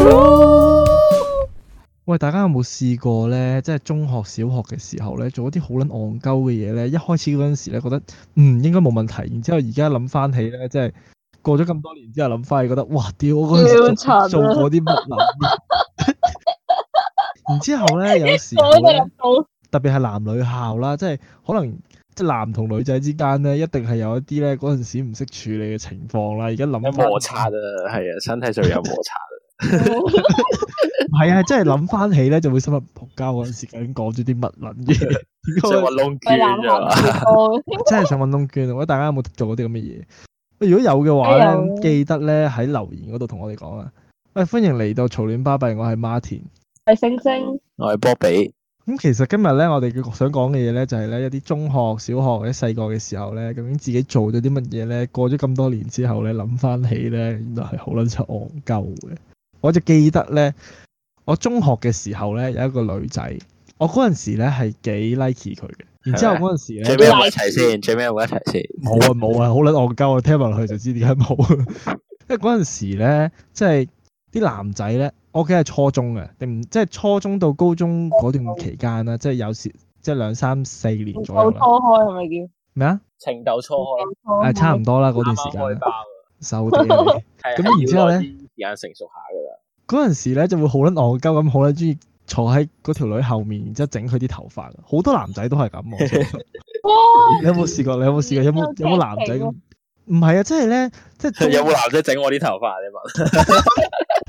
哇喂，大家有冇試過咧？即係中學、小學嘅時候咧，做一啲好撚戇鳩嘅嘢咧。一開始嗰陣時咧，覺得嗯應該冇問題。然之後而家諗翻起咧，即係過咗咁多年之後諗翻，覺得哇屌！我嗰陣時慘做過啲乜諗？ 然之後咧，有時候呢特別係男女校啦，即係可能即係男同女仔之間咧，一定係有一啲咧嗰陣時唔識處理嘅情況啦。而家諗翻摩擦啊，係啊， 身體上有摩擦。係啊， 真係諗翻起咧，就會心入扑交嗰陣時講，究竟講咗啲乜撚嘢？ 真上搵窿捐啊！真係想搵窿捐啊！喂，大家有冇做過啲咁嘅嘢？如果有嘅話咧，哎、呦記得咧喺留言嗰度同我哋講啊！喂、哎，歡迎嚟到嘈亂巴閉，我係 Martin，係星星，我係 Bobbi。咁其實今日咧，我哋想講嘅嘢咧，就係咧一啲中學、小學或者細個嘅時候咧，究竟自己做咗啲乜嘢咧？過咗咁多年之後咧，諗翻起咧，原來係好撚出戇鳩嘅。我就記得咧，我中學嘅時候咧，有一個女仔，我嗰陣時咧係幾 like 佢嘅。然之後嗰陣時咧，嗎最尾一齊先，最尾冇一齊先。冇啊冇啊，好撚戇鳩啊！Jedi, 聽落去就知點解冇。因為嗰陣時咧，即係啲男仔咧，我屋企係初中嘅，定唔即係初中到高中嗰段期間啦，即係有時即係兩三四年左右啦。初開係咪叫咩啊？情竇初開。誒，差唔多啦，嗰段時間。收啲。咁然之後咧。而家成熟下噶啦，嗰陣時咧就會好卵戇鳩咁，好卵中意坐喺嗰條女後面，然之後整佢啲頭髮，好多男仔都係咁。 哇！你有冇試過？你有冇試過？有冇有冇男仔？唔係啊，即係咧，即係有冇男仔整我啲頭髮？你問，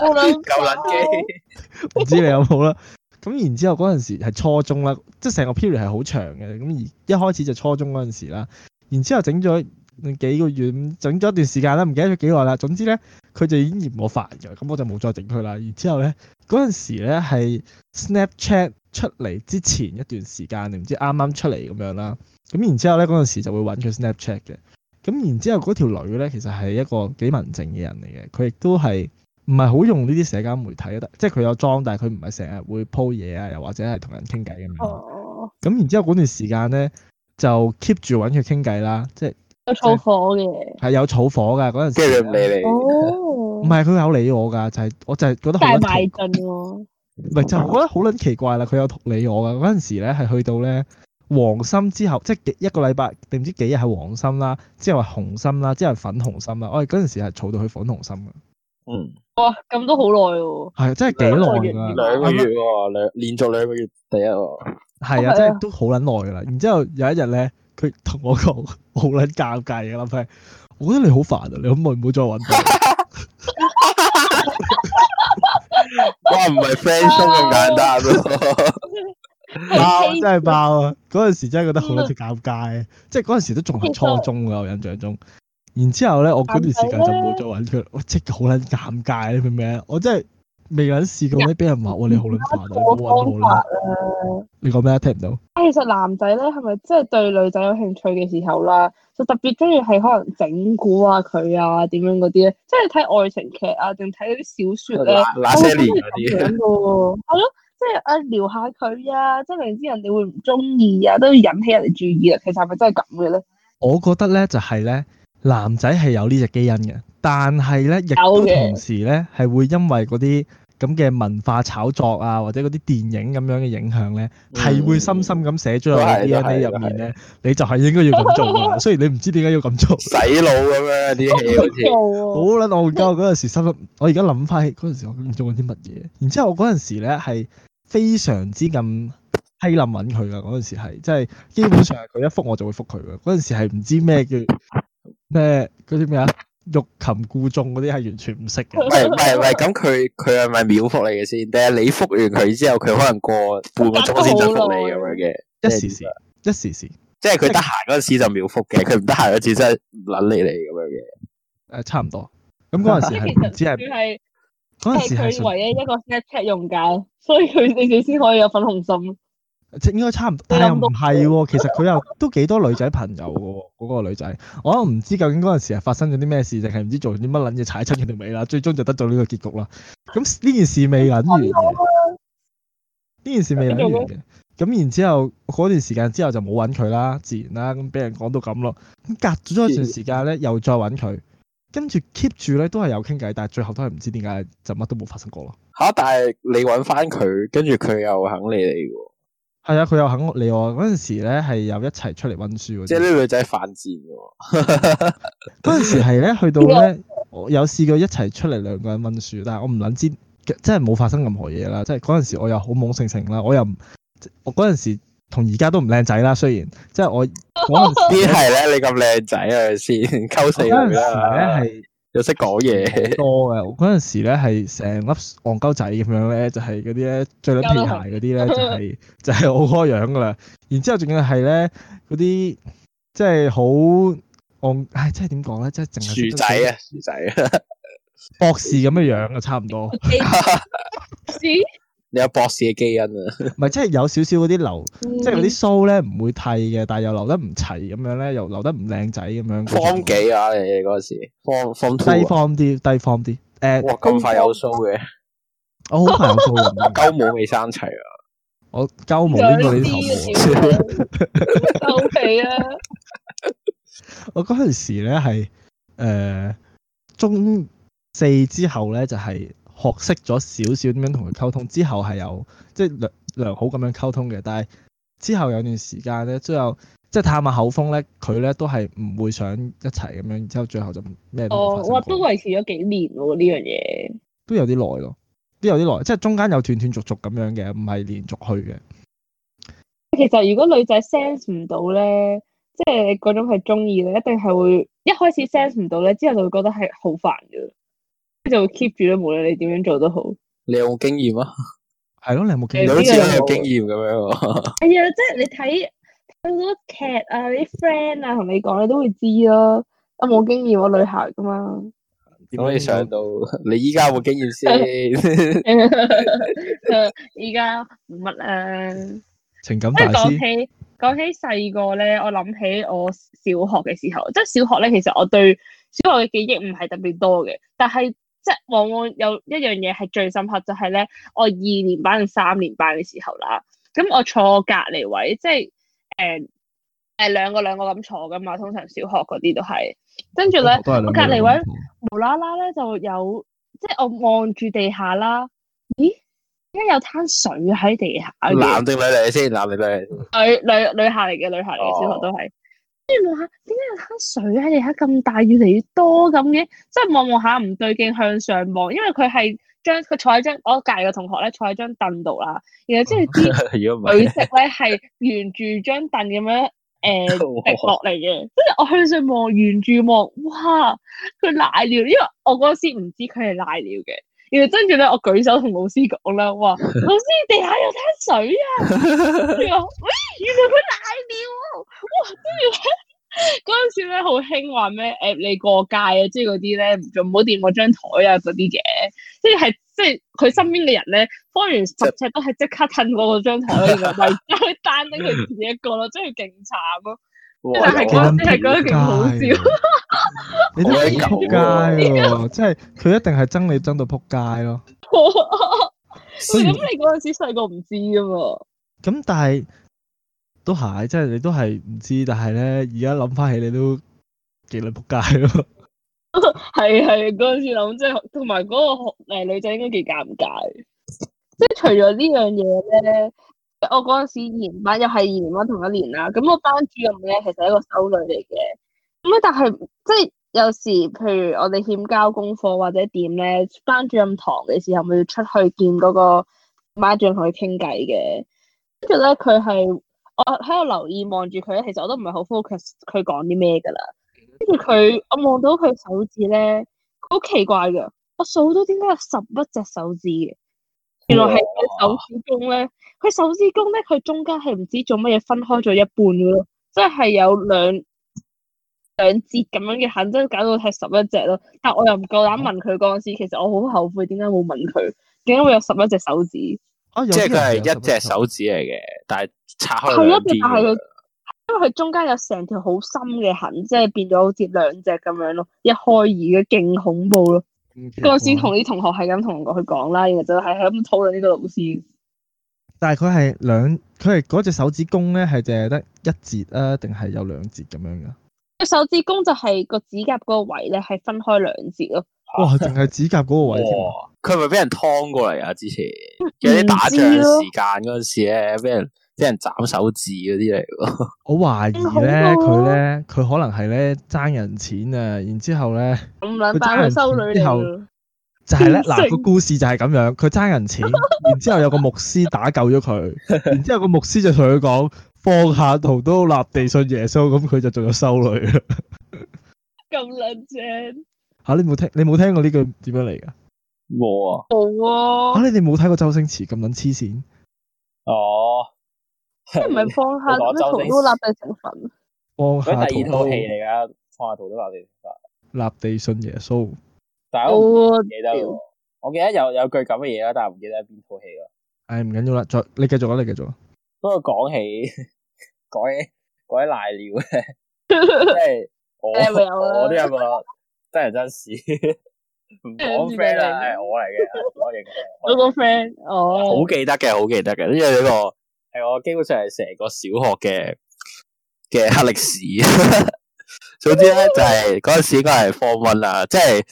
夠卵夠卵機。唔 知你有冇啦？咁 然之後嗰陣時係初中啦，即係成個 period 係好長嘅，咁而一開始就初中嗰陣時啦，然之後整咗。幾個月整咗一段時間啦，唔記得咗幾耐啦。總之咧，佢就已經嫌我煩咗，咁我就冇再整佢啦。然之後咧，嗰陣時咧係 Snapchat 出嚟之前一段時間，你唔知啱啱出嚟咁樣啦。咁然之後咧，嗰陣時就會揾佢 Snapchat 嘅。咁然之後嗰條、那個、女咧，其實係一個幾文靜嘅人嚟嘅。佢亦都係唔係好用呢啲社交媒體，即係佢有裝，但係佢唔係成日會 po 嘢啊，又或者係同人傾偈咁樣。咁然之後嗰段時間咧，就 keep 住揾佢傾偈啦，即係。有草火嘅，係有草火噶嗰陣，跟住佢唔理你。唔係佢有理我噶，就係我就係覺得好。大陣喎！唔係，就係我覺得好撚奇怪啦！佢有理我噶嗰陣時咧，係去到咧黃心之後，即係一個禮拜定唔知幾日係黃心啦，之後係紅心啦，之後粉紅心啦。我哋嗰陣時係儲到去粉紅心噶。嗯。哇！咁都好耐喎。係啊，真係幾耐啊！兩個月喎，兩連續兩個月第一個。係啊，真係都好撚耐噶啦！然之後有一日咧。佢同我講好捻尷尬嘅啦，佢，我覺得你好煩啊，你可唔可以唔好再搵我？我唔係 friendship 咁簡單咯，爆真係爆啊！嗰陣時真係覺得好捻尷尬， 嗯、即係嗰陣時都仲係初中嘅。我印象中。然之後咧，我嗰段時間就冇再搵佢，我即係好捻尷尬啊！你明唔明啊？我真係。未有人試過，可以俾人話喎，你好卵煩。方法咧，你講咩？聽唔到。啊，其實男仔咧，係咪即係對女仔有興趣嘅時候啦，就特別中意係可能整蠱啊佢啊點樣嗰啲咧，即係睇愛情劇啊，定睇啲小說咧，《那些年》嗰啲。係咯，即係啊，撩下佢啊，即係明知人哋會唔中意啊，都要引起人哋注意啊。其實係咪真係咁嘅咧？我覺得咧就係咧、啊。 男仔係有呢隻基因嘅，但係咧亦都同時咧係會因為嗰啲咁嘅文化炒作啊，或者嗰啲電影咁樣嘅影響咧，係、嗯、會深深咁寫、嗯、喺你 DNA 入面咧。是你就係應該要咁做，啊、雖然你唔知點解要咁做。洗腦咁樣啲嘢好似好撚戇鳩嗰時，心諗我而家諗翻起嗰陣時，我咁做緊啲乜嘢？然之後我嗰陣時咧係非常之咁欺撚揾佢噶，嗰陣時係即係基本上係佢一覆我就會覆佢嘅。嗰陣時係唔知咩叫。咩嗰啲咩啊？欲擒、呃、故縱嗰啲係完全唔識嘅。唔係唔係唔係，咁佢佢係咪秒覆你嘅先？定係你覆完佢之後，佢可能過半個鐘先再覆你咁樣嘅？一時時，一時時，即係佢得閒嗰陣時就秒覆嘅，佢唔得閒嗰陣真係揦你嚟咁樣嘅。誒，差唔多。咁嗰陣係只係，嗰、那、陣、個、時佢 唯一一個 set 用家，所以佢你哋先可以有粉紅心。應該差唔多，但係又唔係喎。其實佢又都幾多女仔朋友喎，嗰、嗰個女仔。我都唔知究竟嗰陣時啊發生咗啲咩事，定係唔知做啲乜捻嘢踩親佢條尾啦。最終就得到呢個結局啦。咁呢件事未捻完，呢 件事未捻完嘅。咁 然之後嗰段時間之後就冇搵佢啦，自然啦、啊。咁俾人講到咁咯。咁隔咗一段時間咧，又再搵佢， 跟住 keep 住咧都係有傾偈，但係最後都係唔知點解就乜都冇發生過咯。吓、啊，但係你搵翻佢，跟住佢又肯理你喎。係啊，佢、嗯、又肯理我。嗰陣時咧係有一齊出嚟溫書。即係呢女仔犯賤嘅。嗰 陣時係咧去到咧，麼我有試過一齊出嚟兩個人溫書，但係我唔諗知，即係真係冇發生任何嘢啦。即係嗰陣時我又好懵盛盛啦，我又我嗰陣時同而家都唔靚仔啦，雖然即係我時 時我唔知係咧你咁靚仔啊先溝死啦。又識講嘢，多嘅。我嗰陣時咧係成粒戇鳩仔咁樣咧，就係嗰啲咧着咗皮鞋嗰啲咧，就係、是、就係我嗰個樣噶啦。然之後仲要係咧嗰啲即係好戇，唉，即係點講咧，即係淨係。薯仔啊，薯仔啊，博士咁嘅樣啊，差唔多。 你有博士嘅基因啊？唔係，即係有少少嗰啲留，即係啲鬚咧唔會剃嘅，但係又留得唔齊咁樣咧，又留得唔靚仔咁樣。方幾啊？你嗰時方方低方啲，低方啲。誒，咁快有鬚嘅，喔？我好快有鬚啊！鳩毛未生齊啊 我鳩毛邊個理頭？收皮啊！我嗰陣時咧係誒中四之後咧就係。學識咗少少點樣同佢溝通之後係有即係良良好咁樣溝通嘅，但係之後有段時間咧，之後即係探下口風咧，佢咧都係唔會想一齊咁樣，然之後最後就咩都冇發生過。哦，我都維持咗幾年喎呢樣嘢，都有啲耐咯，都有啲耐，即係中間有斷斷續續咁樣嘅，唔係連續去嘅。其實如果女仔 sense 唔到咧，即係嗰種係中意咧，一定係會一開始 sense 唔到咧，之後就會覺得係好煩嘅。你就 keep 住咯，無論你點樣做都好。你有冇經驗啊？係咯，你有冇經驗？你都知你有經驗咁樣。係啊，即係你睇睇嗰啲劇啊，啲 friend 啊，同你講，你都會知咯。啊，冇經驗喎，女孩㗎嘛。點可以上到你依家有冇經驗先？依家唔乜啊。情感大師。講起講起細個咧，我諗起我小學嘅時候，即係小學咧，其實我對小學嘅記憶唔係特別多嘅，但係。即係往往有一樣嘢係最深刻，就係、是、咧，我二年班定三年班嘅時候啦。咁我坐我隔離位，即係誒誒兩個兩個咁坐㗎嘛，通常小學嗰啲都係。跟住咧，我隔離位無啦啦咧就有，即係我望住地下啦。咦？點解有灘水喺地下？男定女嚟先？男定、嗯、女？女女女校嚟嘅，女校嚟嘅小學都係。哦。即係望下，點解有灘水喺地下咁大，越嚟越多咁嘅？即係望望下唔對勁，向上望，因為佢係將佢坐喺張我隔籬嘅同學咧坐喺張凳度啦，然後即係啲水石咧係沿住張凳咁樣誒跌落嚟嘅。即係我向上望，沿住望，哇！佢瀨尿，因為我嗰時唔知佢係瀨尿嘅。然後跟住咧，我舉手同老師講啦，話老師地下有灘水啊！原來佢瀨尿，哦，哇！嗰陣 時咧好興話咩？誒，你過街啊，即係嗰啲咧，就唔好掂我張台啊，嗰啲嘅，即係即係佢身邊嘅人咧，方完十尺都係即刻褪過嗰張台嘅位，佢 單拎佢自己一個咯， 真係勁慘咯。 但係嗰陣時係覺得勁好笑， 你都係撲街嘅喎， 即係佢一定係憎你憎到撲街咯。咁你嗰陣時細個唔知啊嘛。咁但係。都係、 那個，即係你都係唔知，但係咧，而家諗翻起你都幾女撲街咯。係啊係啊，嗰時諗，即係同埋嗰個誒女仔應該幾尷尬。即係除咗呢樣嘢咧，我嗰陣時二年班又係二年班同一年啦。咁我班主任咧，其實係一個修女嚟嘅，咁咧但係即係有時譬如我哋欠交功課或者點咧，班主任堂嘅時候，咪要出去見嗰個班主任同佢傾偈嘅。跟住咧，佢係。我喺度留意望住佢咧，其實我都唔係好 focus 佢講啲咩噶啦。跟住佢，我望到佢手指咧好奇怪噶，我數到點解有十一隻手指嘅？原來係手指公咧，佢手指公咧，佢中間係唔知做乜嘢分開咗一半咯，即係有兩兩節咁樣嘅痕，真搞到係十一隻咯。但我又唔夠膽問佢嗰時，其實我好後悔點解冇問佢，點解會有十一隻手指。啊、即係佢係一隻手指嚟嘅，但係拆開係啊，但係佢 因為佢中間有成條好深嘅痕，嗯、即係變咗好似兩隻咁樣咯，一開二嘅，勁恐怖咯。嗰陣時、嗯嗯嗯、同啲同學係咁同佢講啦，然後就係咁討論呢個老師。但係佢係兩，佢係嗰隻手指公咧，係淨係得一截啊，定係有兩截咁樣噶？手指公就係個指甲嗰個位咧，係分開兩截咯。哇！淨係指甲嗰個位啫，佢係咪俾人劏過嚟啊？之前打仗時間嗰陣時咧，俾人俾人斬手指嗰啲嚟。我懷疑咧，佢咧、啊，佢可能係咧爭人錢啊，然之後咧，佢爭佢收女之後。就係咧嗱，個故事就係咁樣，佢爭人錢，然之後有個牧師打救咗佢，然之後個 牧師就同佢講。放下屠刀立地信耶穌，咁佢就做咗修女咁靚正吓，你冇聽你冇聽過呢句點樣嚟噶？冇啊，冇啊！吓，你哋冇睇過周星馳咁撚黐線哦。即係唔係放下啲屠刀立地成佛。放下第二套戲嚟噶，放下屠刀立地成佛。立地信耶穌，但係我、哦、我記得，我記得有有句咁嘅嘢啦，但係唔記得喺邊套戲咯。誒、哎，唔緊要啦，再你繼續啦，你繼續。你繼續不過講起講起講起賴尿咧，即係我我都有，真係真事。唔講 friend 啦，係我嚟嘅，我認 我,我個 friend，我、哦、好記得嘅，好記得嘅，因為呢個係我基本上係成個小學嘅嘅黑歷史。 總之咧，就係嗰陣時應該係 f o r 即係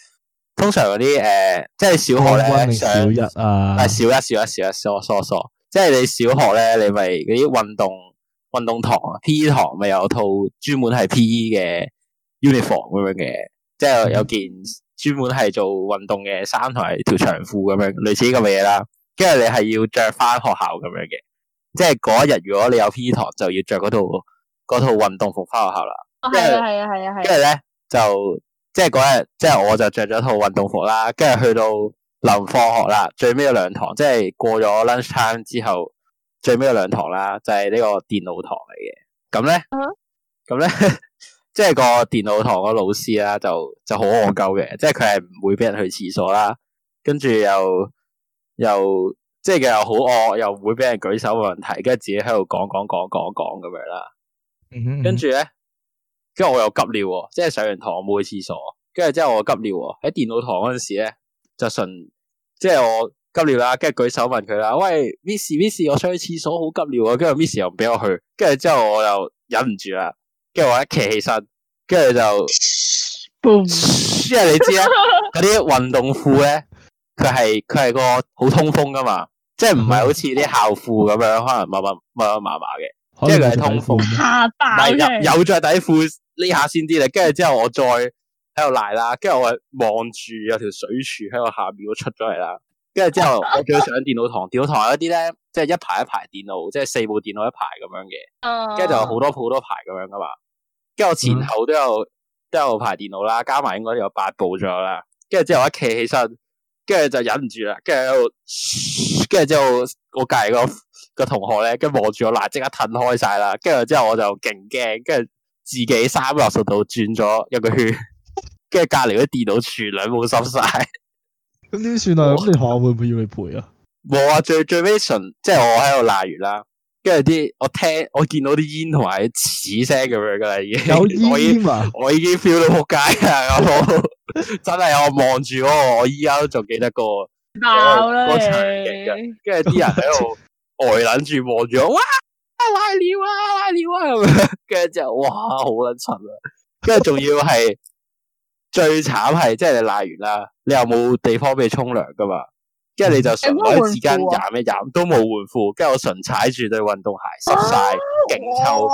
通常嗰啲誒，即係小學咧上小一啊，係小一，笑,笑一，笑一，疏疏疏。即係你小學咧，你咪嗰啲運動運動堂啊，P.E. 堂咪有套專門係 P.E. 嘅 uniform 咁樣嘅，即係有件專門係做運動嘅衫同埋條長褲咁樣，類似呢個嘅嘢啦。跟住你係要着翻學校咁樣嘅，即係嗰一日如果你有 P.E. 堂，就要着嗰套嗰套運動服翻學校啦。哦係啊係啊係啊係。跟住咧就即係嗰日，即係我就着咗套運動服啦，跟住去到。臨放學啦，最尾有兩堂，即係過咗 lunch time 之後，最尾有兩堂啦，就係、是、呢個電腦堂嚟嘅。咁咧，咁咧、啊樣， 即係個電腦堂個老師啦，就就好戇鳩嘅，即係佢係唔會俾人去廁所啦，跟住又又即係佢又好惡，又唔會俾人舉手嘅問題，跟住自己喺度講講講講講咁樣啦。跟住咧，跟住我又急尿，即係上完堂我冇去廁所，跟住之後我急尿喺電腦堂嗰陣時咧。就純即係我急尿啦，跟住舉手問佢啦，喂 Miss Miss，我想去廁所，好急尿啊！跟住 Miss 又唔俾我去，跟住之後我就忍唔住啦，跟住我一企起身，跟住就，因為你知啦，嗰啲運動褲咧，佢係佢係個好通風噶嘛，即係唔係好似啲校褲咁樣，可能密密密密麻麻嘅，即係佢係通風。吓爆！有着底褲呢下先啲啦，跟住之後我再。喺度賴啦，跟住我望住有條水柱喺我下面都出咗嚟啦，跟住之後我叫佢上電腦堂，電腦堂嗰啲咧即係一排一排電腦，即、就、係、是、四部電腦一排咁樣嘅，跟住就好多好多排咁樣噶嘛，跟住我前後都有、嗯、都有排電腦啦，加埋應該有八部咗啦，跟住之後我企起身，跟住就忍唔住啦，跟住喺度，跟住之後我隔籬個個同學咧跟住望住我賴，即刻褪開晒啦，跟住之後我就勁驚，跟住自己三六十度轉咗一個圈。跟住隔籬嗰電腦柱兩冇收晒，咁點算啊？我哋學校會唔會要你賠啊？冇啊，最最尾純即係我喺度瀨完啦，跟住啲我聽我見到啲煙同埋啲屎聲咁樣噶啦，已經我已經！我已經 feel 到仆街啊！真係我望住嗰個，我依家都仲記得、嗰個鬧啦，嗰場嘅，跟住啲人喺度呆捻住望住我，哇！瀨尿啊！瀨尿啊！咁樣，跟住之後哇，好捻柒啊！跟住仲要係。Rom 最慘係即係你瀨完啦，你又冇地方俾你沖涼噶嘛，跟住你就純攞紙巾揉一揉，都冇換褲，跟住我純踩住對運動鞋，濕晒，勁臭，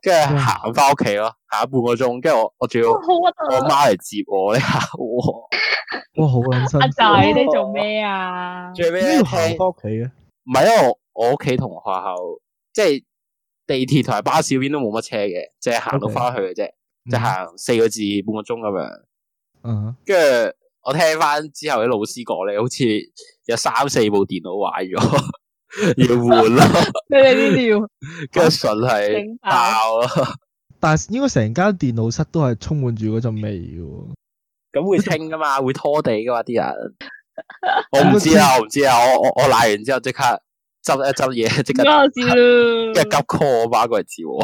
跟住行翻屋企咯，行半個鐘，跟住我我仲要我媽嚟接我咧，我哇，哇好艱辛。阿仔你做咩啊？做咩啊？要行翻屋企嘅？唔係因為我我屋企同學校即係地鐵同埋巴士邊都冇乜車嘅，即係行到翻去嘅啫，即係行四個字半個鐘咁樣。跟住、嗯、我聽翻之後啲老師講咧，好似有三四部電腦壞咗要換咯。咩呢啲？跟住順係爆咯。但係應該成間電腦室都係充滿住嗰陣味嘅。咁 會清噶嘛？會拖地噶嘛？啲人 我唔知啊，我唔知啊。我我我瀨完之後即刻執一執嘢，即刻即刻。即係急 call，我媽過嚟接我。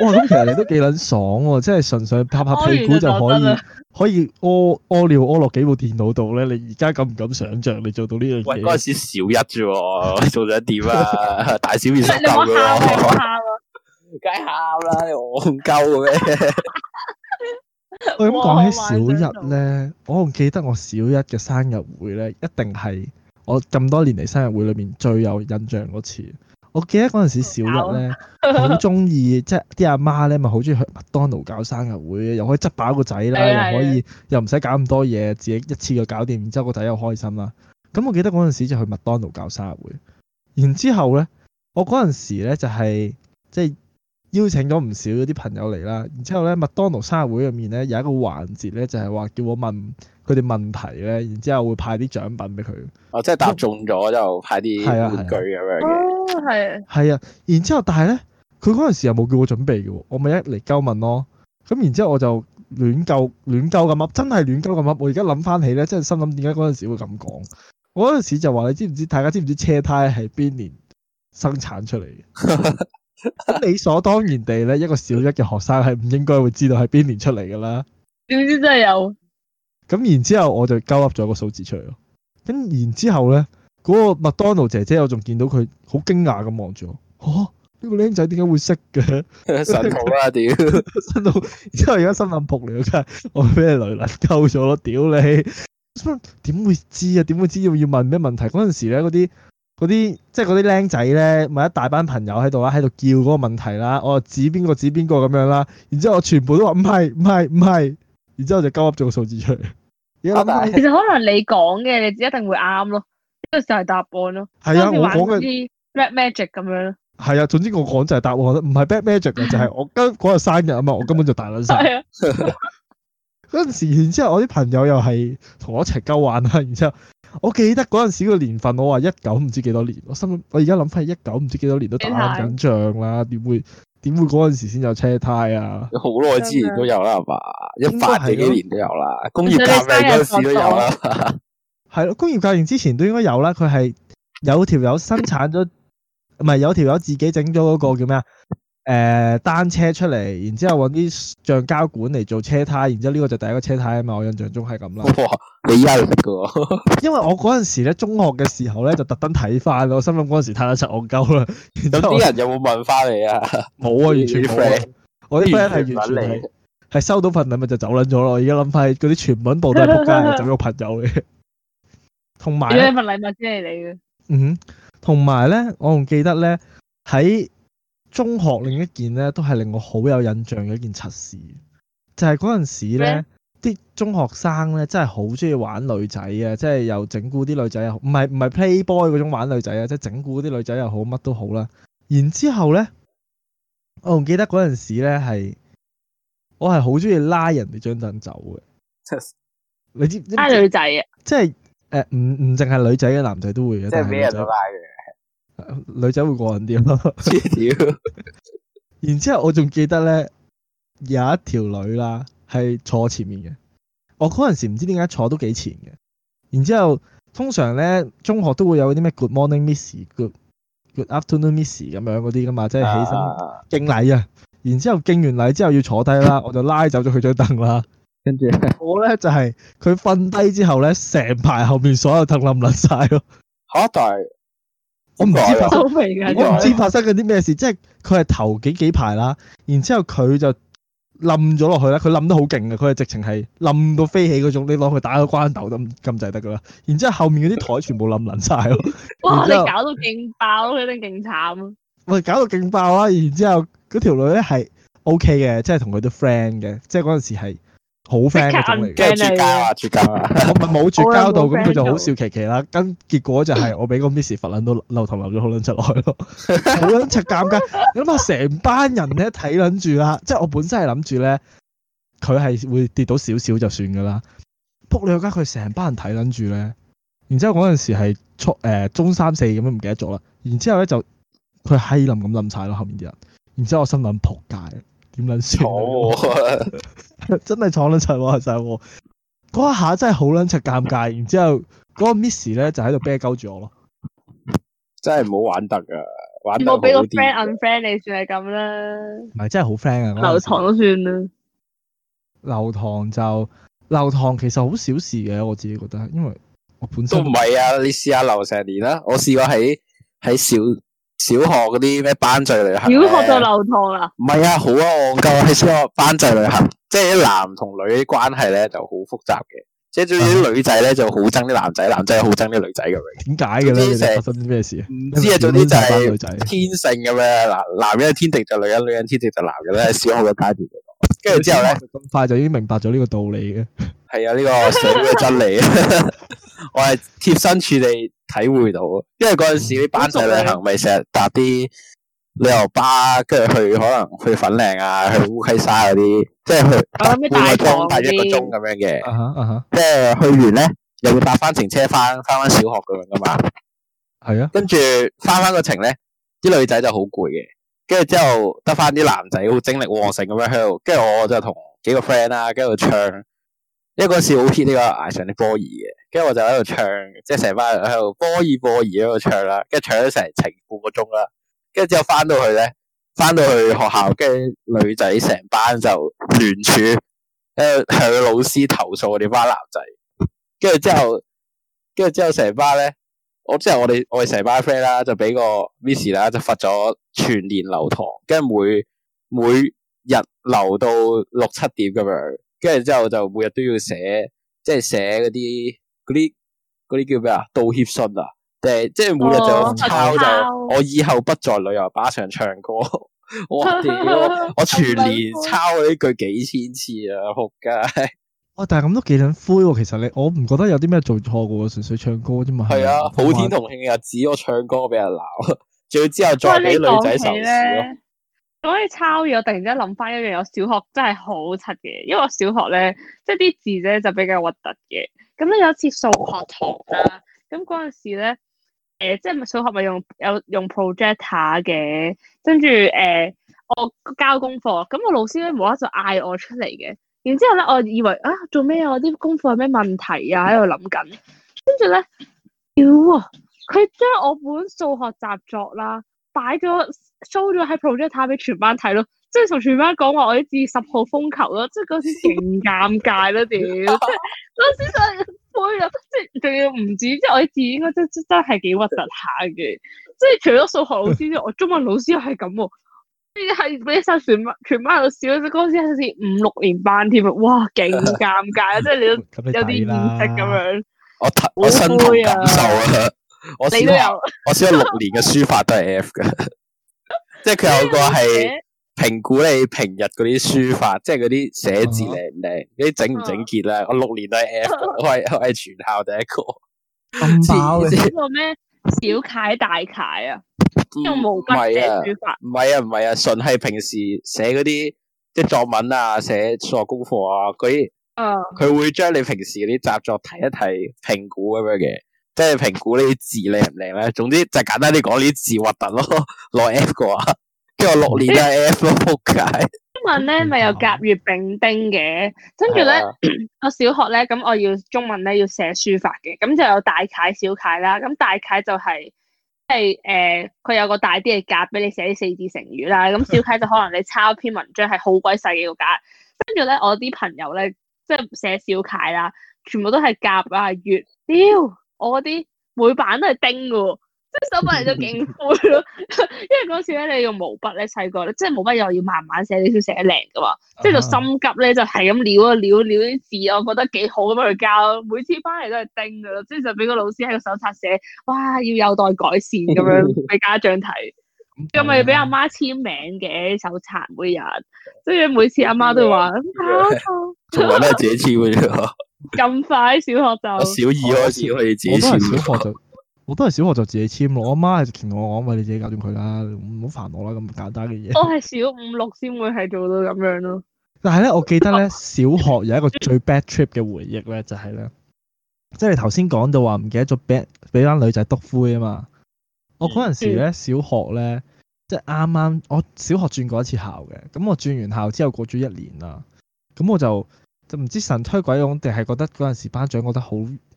哇，咁其實你都幾撚爽喎！即係純粹拍拍屁股就可以，可以屙屙尿屙落幾部電腦度咧。你而家敢唔敢想像你做到呢樣嘢？喂，嗰陣時小一啫、啊，你做緊點啊？大小二鬥嘅，你唔好喊啊！梗係喊啦， 我戇鳩嘅。 我咁講起小一咧，我仲記得我小一嘅生日會咧，一定係我咁多年嚟生日會裏面最有印象嗰次。我記得嗰陣時，小一咧好中意，即係啲阿媽咧，咪好中意去麥當勞搞生日會，又可以執飽個仔啦，又可以是的 又唔使搞咁多嘢，自己一次就搞掂，然之後個仔又開心啦。咁、嗯、我記得嗰陣時就去麥當勞搞生日會，然之後咧，我嗰陣時咧就係即係邀請咗唔少嗰啲朋友嚟啦。然之後咧，麥當勞生日會入面咧有一個環節咧，就係、是、話叫我問佢哋問題咧，然之後會派啲獎品俾佢。哦，即、就、係、是、答中咗就派啲玩具咁樣嘅。係，係啊，然之後但係咧，佢嗰陣時又冇叫我準備嘅，我咪一嚟鳩問咯，咁然之後我就亂鳩亂鳩咁噏，真係亂鳩咁噏。我而家諗翻起咧，真係心諗點解嗰陣時會咁講。我嗰陣時就話你知唔知，大家知唔知車胎係邊年生產出嚟嘅？咁 理所當然地咧，一個小一嘅學生係唔應該會知道係邊年出嚟噶啦。點知真係有？咁然之後我就鳩噏咗個數字出嚟咯。咁然之後咧。嗰個麥當勞姐姐，我仲見到佢好驚訝咁望住我。呢、呢個僆仔點解會識嘅？ 神童啊！屌， 神到，然之後而家新聞仆嚟啊！真係我咩雷能夠咗咯！屌你，點會知啊？點會知要要問咩問題？嗰陣時咧，嗰啲啲即係嗰啲僆仔咧，咪、就是、一大班朋友喺度啦，喺度叫嗰個問題啦。我指邊個指邊個咁樣啦。然之後我全部都話唔係，唔係，唔係。然之後就鳩噏咗個數字出嚟。啊、其實 可能你講嘅，你一定會啱咯。呢個就係答案咯，啊，係啊，我講嘅 red magic 咁樣咯，係者啊，總之我講就係答案唔係 red magic 嘅 就係我跟嗰日生日啊嘛，我根本就大兩歲。嗰陣是、啊、 時，然之後我啲朋友又係同我一齊交玩啦，然之後我記得嗰陣時個年份，我話一九唔知幾多年，我心我而家諗翻一九唔知幾多年都打緊仗啦，點會點會嗰陣時先有車胎啊？好耐之前都有啦，係嘛，嗯，一八幾幾年都有啦，工業革命嗰時都有啦。嗯 係咯，工業教練之前都應該有啦。佢係有條友生產咗，唔係有條友自己整咗嗰個叫咩啊？誒、呃，單車出嚟，然之後揾啲橡膠管嚟做車胎，然之後呢個就第一個車胎啊嘛。我印象中係咁啦。哦、你依家嚟得喎，因為我嗰陣時咧中學嘅時候咧就特登睇翻，我心諗嗰陣時睇得柒戇鳩啦。然後有啲人有冇問翻你啊？冇 啊，完全 friend、啊。我啲 friend 係完全係，係收到份禮物就走撚咗咯。而家諗翻嗰啲全聞報都係撲街，做個 朋友嘅。同埋，你份禮物先係你嘅。嗯，同埋咧，我仲記得咧喺中學，另一件咧都係令我好有印象嘅一件測試，就係嗰陣時咧，啲麼中學生咧真係好中意玩女仔啊，即係又整蠱啲女仔，唔係唔係 playboy 嗰種玩女仔啊，即係整蠱啲女仔又好，乜都好啦。然之後咧，我仲記得嗰陣時咧係我係好中意拉人哋張凳走嘅。測試、你知唔知？拉女仔啊？即係、就是。就是誒，唔唔淨係女仔嘅，男仔都會嘅，即係俾人都拉嘅。 女仔會過癮啲咯。 然之後我仲記得咧，有一條女啦，係坐前面嘅。我嗰陣時唔知點解坐都幾前嘅。然之後通常咧，中學都會有啲咩 Good morning Miss，Good Good afternoon Miss 咁樣嗰啲噶嘛，即係起身敬禮啊。Ah. 然之後敬完禮之後要坐低啦， 我就拉走咗佢張凳啦。跟住 我咧就係佢瞓低之後咧，成排後面所有凳冧爛晒咯。吓、啊，但係我唔知發生我唔知發生嗰啲咩事，即係佢係頭幾幾排啦。然之後佢就冧咗落去啦。佢冧得好勁嘅，佢係直情係冧到飛起嗰種。你攞佢打個關斗都咁滯得噶啦。然之後後面嗰啲台全部冧爛晒咯。 后哇！你搞到勁爆咯，佢一定勁慘啊！喂，搞到勁爆啦。然之後嗰條女咧係 O K 嘅，即係同佢都 friend 嘅，即係嗰陣時係。好 friend 嗰種嚟嘅，跟住絕交啊！絕交啊！ 我咪冇絕交到，咁佢就好笑琪琪啦。跟 結果就係我俾個 miss 佛撚到，漏頭漏咗好撚出來，好撚出尷尬。你諗下，成班人咧睇撚住啦，即係我本身係諗住咧，佢係會跌到少少就算噶啦。撲你家，佢成班人睇撚住咧。然之後嗰陣時係初誒中三四咁樣，唔記得咗啦。然之後咧就佢係冧咁冧晒咯，後面啲人。然之後我心諗撲街，點撚算？ 真係闖得齊，真係，嗰一下真係好撚柒尷尬。然之後嗰個 miss 咧就喺度啤鳩住我咯，真係唔好玩得㗎！我俾個 friend unfriend 你算係咁啦，唔係真係好 friend 啊！留堂都算啦，留堂就留堂其實好小事嘅，我自己覺得，因為我本身都唔係啊！你試下留成年啦，我試過喺喺小。小學嗰啲咩班際旅行，小學就留堂啦。唔係啊，好啊，我鳩啊，小學班際旅行，即係啲男同女關係咧就好複雜嘅，即係最啲女仔咧就好憎啲男仔，嗯、男仔好憎啲女仔咁樣。點解嘅咧？發生啲咩事啊？唔知啊，總之就仔。天性咁樣，男男人天敵就女人，女人天敵就男人咧， 小學嘅階段嚟講。跟住之後咧，咁 快就已經明白咗呢個道理嘅。係啊，呢個社會嘅真理，我係貼身處地體會到，因為嗰陣時啲班仔旅行咪成日搭啲旅遊巴，跟住去可能去粉嶺啊，去烏溪沙嗰啲，即係去搭半個鐘，搭一個鐘咁樣嘅，啊啊啊、即係去完咧，又會搭翻程車翻，翻翻小學咁樣噶嘛。係啊，跟住翻翻個程咧，啲女仔就好攰嘅，跟住之後得翻啲男仔好精力旺盛咁樣喺度，跟住我就同幾個 friend 啊，跟住唱。因為時一個笑好 hit 呢個崖上啲波兒嘅，跟住我就喺度唱，即係成班人喺度波兒波兒喺度唱啦，跟住唱咗成成半個鐘啦，跟住之後翻到去咧，翻到去學校，跟住女仔成班就聯署，跟住向老師投訴我哋班男仔，跟住之後，跟住之後成班咧，我之後我哋我哋成班 friend 啦，就俾個 miss 啦，就罰咗全年留堂，跟住每每日留到六七點咁樣。跟住之後就每日都要寫，即係寫嗰啲啲啲叫咩啊？道歉信啊！即係即係每日就抄、哦、我抄就我以後不在旅遊巴上唱歌。我屌、啊！我全年抄呢句幾千次啊！仆街！哇！但係咁都幾撚灰喎。其實你我唔覺得有啲咩做錯嘅喎，純粹唱歌啫嘛。係啊，普天同慶日子，嗯、我唱歌俾人鬧，仲要之後再俾女仔受辱。講起抄嘢，我突然之間諗翻一樣，我小學真係好柒嘅，因為我小學咧，即係啲字咧就比較核突嘅。咁咧有一次數學堂啦，咁嗰陣時咧，誒、呃，即係數學咪用有用 projector 嘅，跟住誒，我交功課，咁我老師咧冇啦啦就嗌我出嚟嘅，然之後咧我以為啊做咩啊？我啲、啊、功課有咩問題啊？喺度諗緊，跟住咧，屌、哎、啊！佢將我本數學習作啦擺咗。show 咗喺 project 啊，俾全班睇咯，即係同全班講話我啲字十號風球咯，即係嗰時勁尷尬啦。屌， 即係嗰時真係背啊，即係仲要唔止，即係我啲字應該真真真係幾核突下嘅，即係除咗數學老師之外，我 中文老師又係咁，即係喺晒全班，全班喺度笑，嗰時好似五六年班添，哇，勁尷尬，即係 你都看有啲唔識咁樣，我同我身同感受啊，我小學我小學六年嘅書法都係 F 嘅。即係佢有個係評估你平日嗰啲書法，咩？即係嗰啲寫字靚唔靚，嗰啲、啊、整唔整潔啦。我六年都係 F，係係、啊、全校第一個。咁個咩小楷大楷啊？都冇毛筆寫書法，唔係啊唔係啊，純係、啊啊、平時寫嗰啲即係作文啊，寫數學功課啊啲。嗯，佢、啊、會將你平時嗰啲習作睇一睇，評估咁樣嘅。即係評估呢啲字靚唔靚咧，總之就簡單啲講，呢啲字核突咯。落 F 嘅話，跟住六年都係 F 咯， 撲街。中文咧咪有甲乙丙丁嘅，跟住咧我小學咧咁我要中文咧要寫書法嘅，咁就有大楷小楷啦。咁大楷就係即係誒，佢、呃、有個大啲嘅甲俾你寫啲四字成語啦。咁小楷就可能你抄一篇文章係好鬼細嘅個格。跟住咧我啲朋友咧即係寫小楷啦，全部都係甲啊月，屌！我啲每版都係釘嘅，即係手筆嚟，就勁灰咯。因為嗰次咧，你用毛筆咧，細個咧，即係毛筆又要慢慢寫，你要寫靚嘅嘛，即係就心急咧，就係咁潦啊撩潦啲字，我覺得幾好咁去教。每次翻嚟都係釘嘅咯，即係就俾個老師喺個手冊寫，哇，要有待改善咁樣俾家長睇。又咪俾阿媽簽名嘅手冊，每日，即係每次阿媽，媽都話：好好、嗯，仲有咩節氣？㖏、嗯？嗯 咁快，小學就我小二開始，我哋小自己我都係小學就，我都係小學就自己簽咯。 我阿媽係我講，喂，你自己搞掂佢啦，唔好煩我啦，咁簡單嘅嘢。我係小五六先會係做到咁樣咯。但係咧，我記得咧， 小學有一個最 bad trip 嘅回憶咧，就係、是、咧，即係你頭先講到話唔記得咗 bad 俾班女仔篤灰啊嘛。我嗰陣時咧，小學咧，即係啱啱我小學轉過一次校嘅，咁我轉完校之後過咗一年啦，咁我就。就唔知神推鬼勇，定係覺得嗰陣時班長覺得好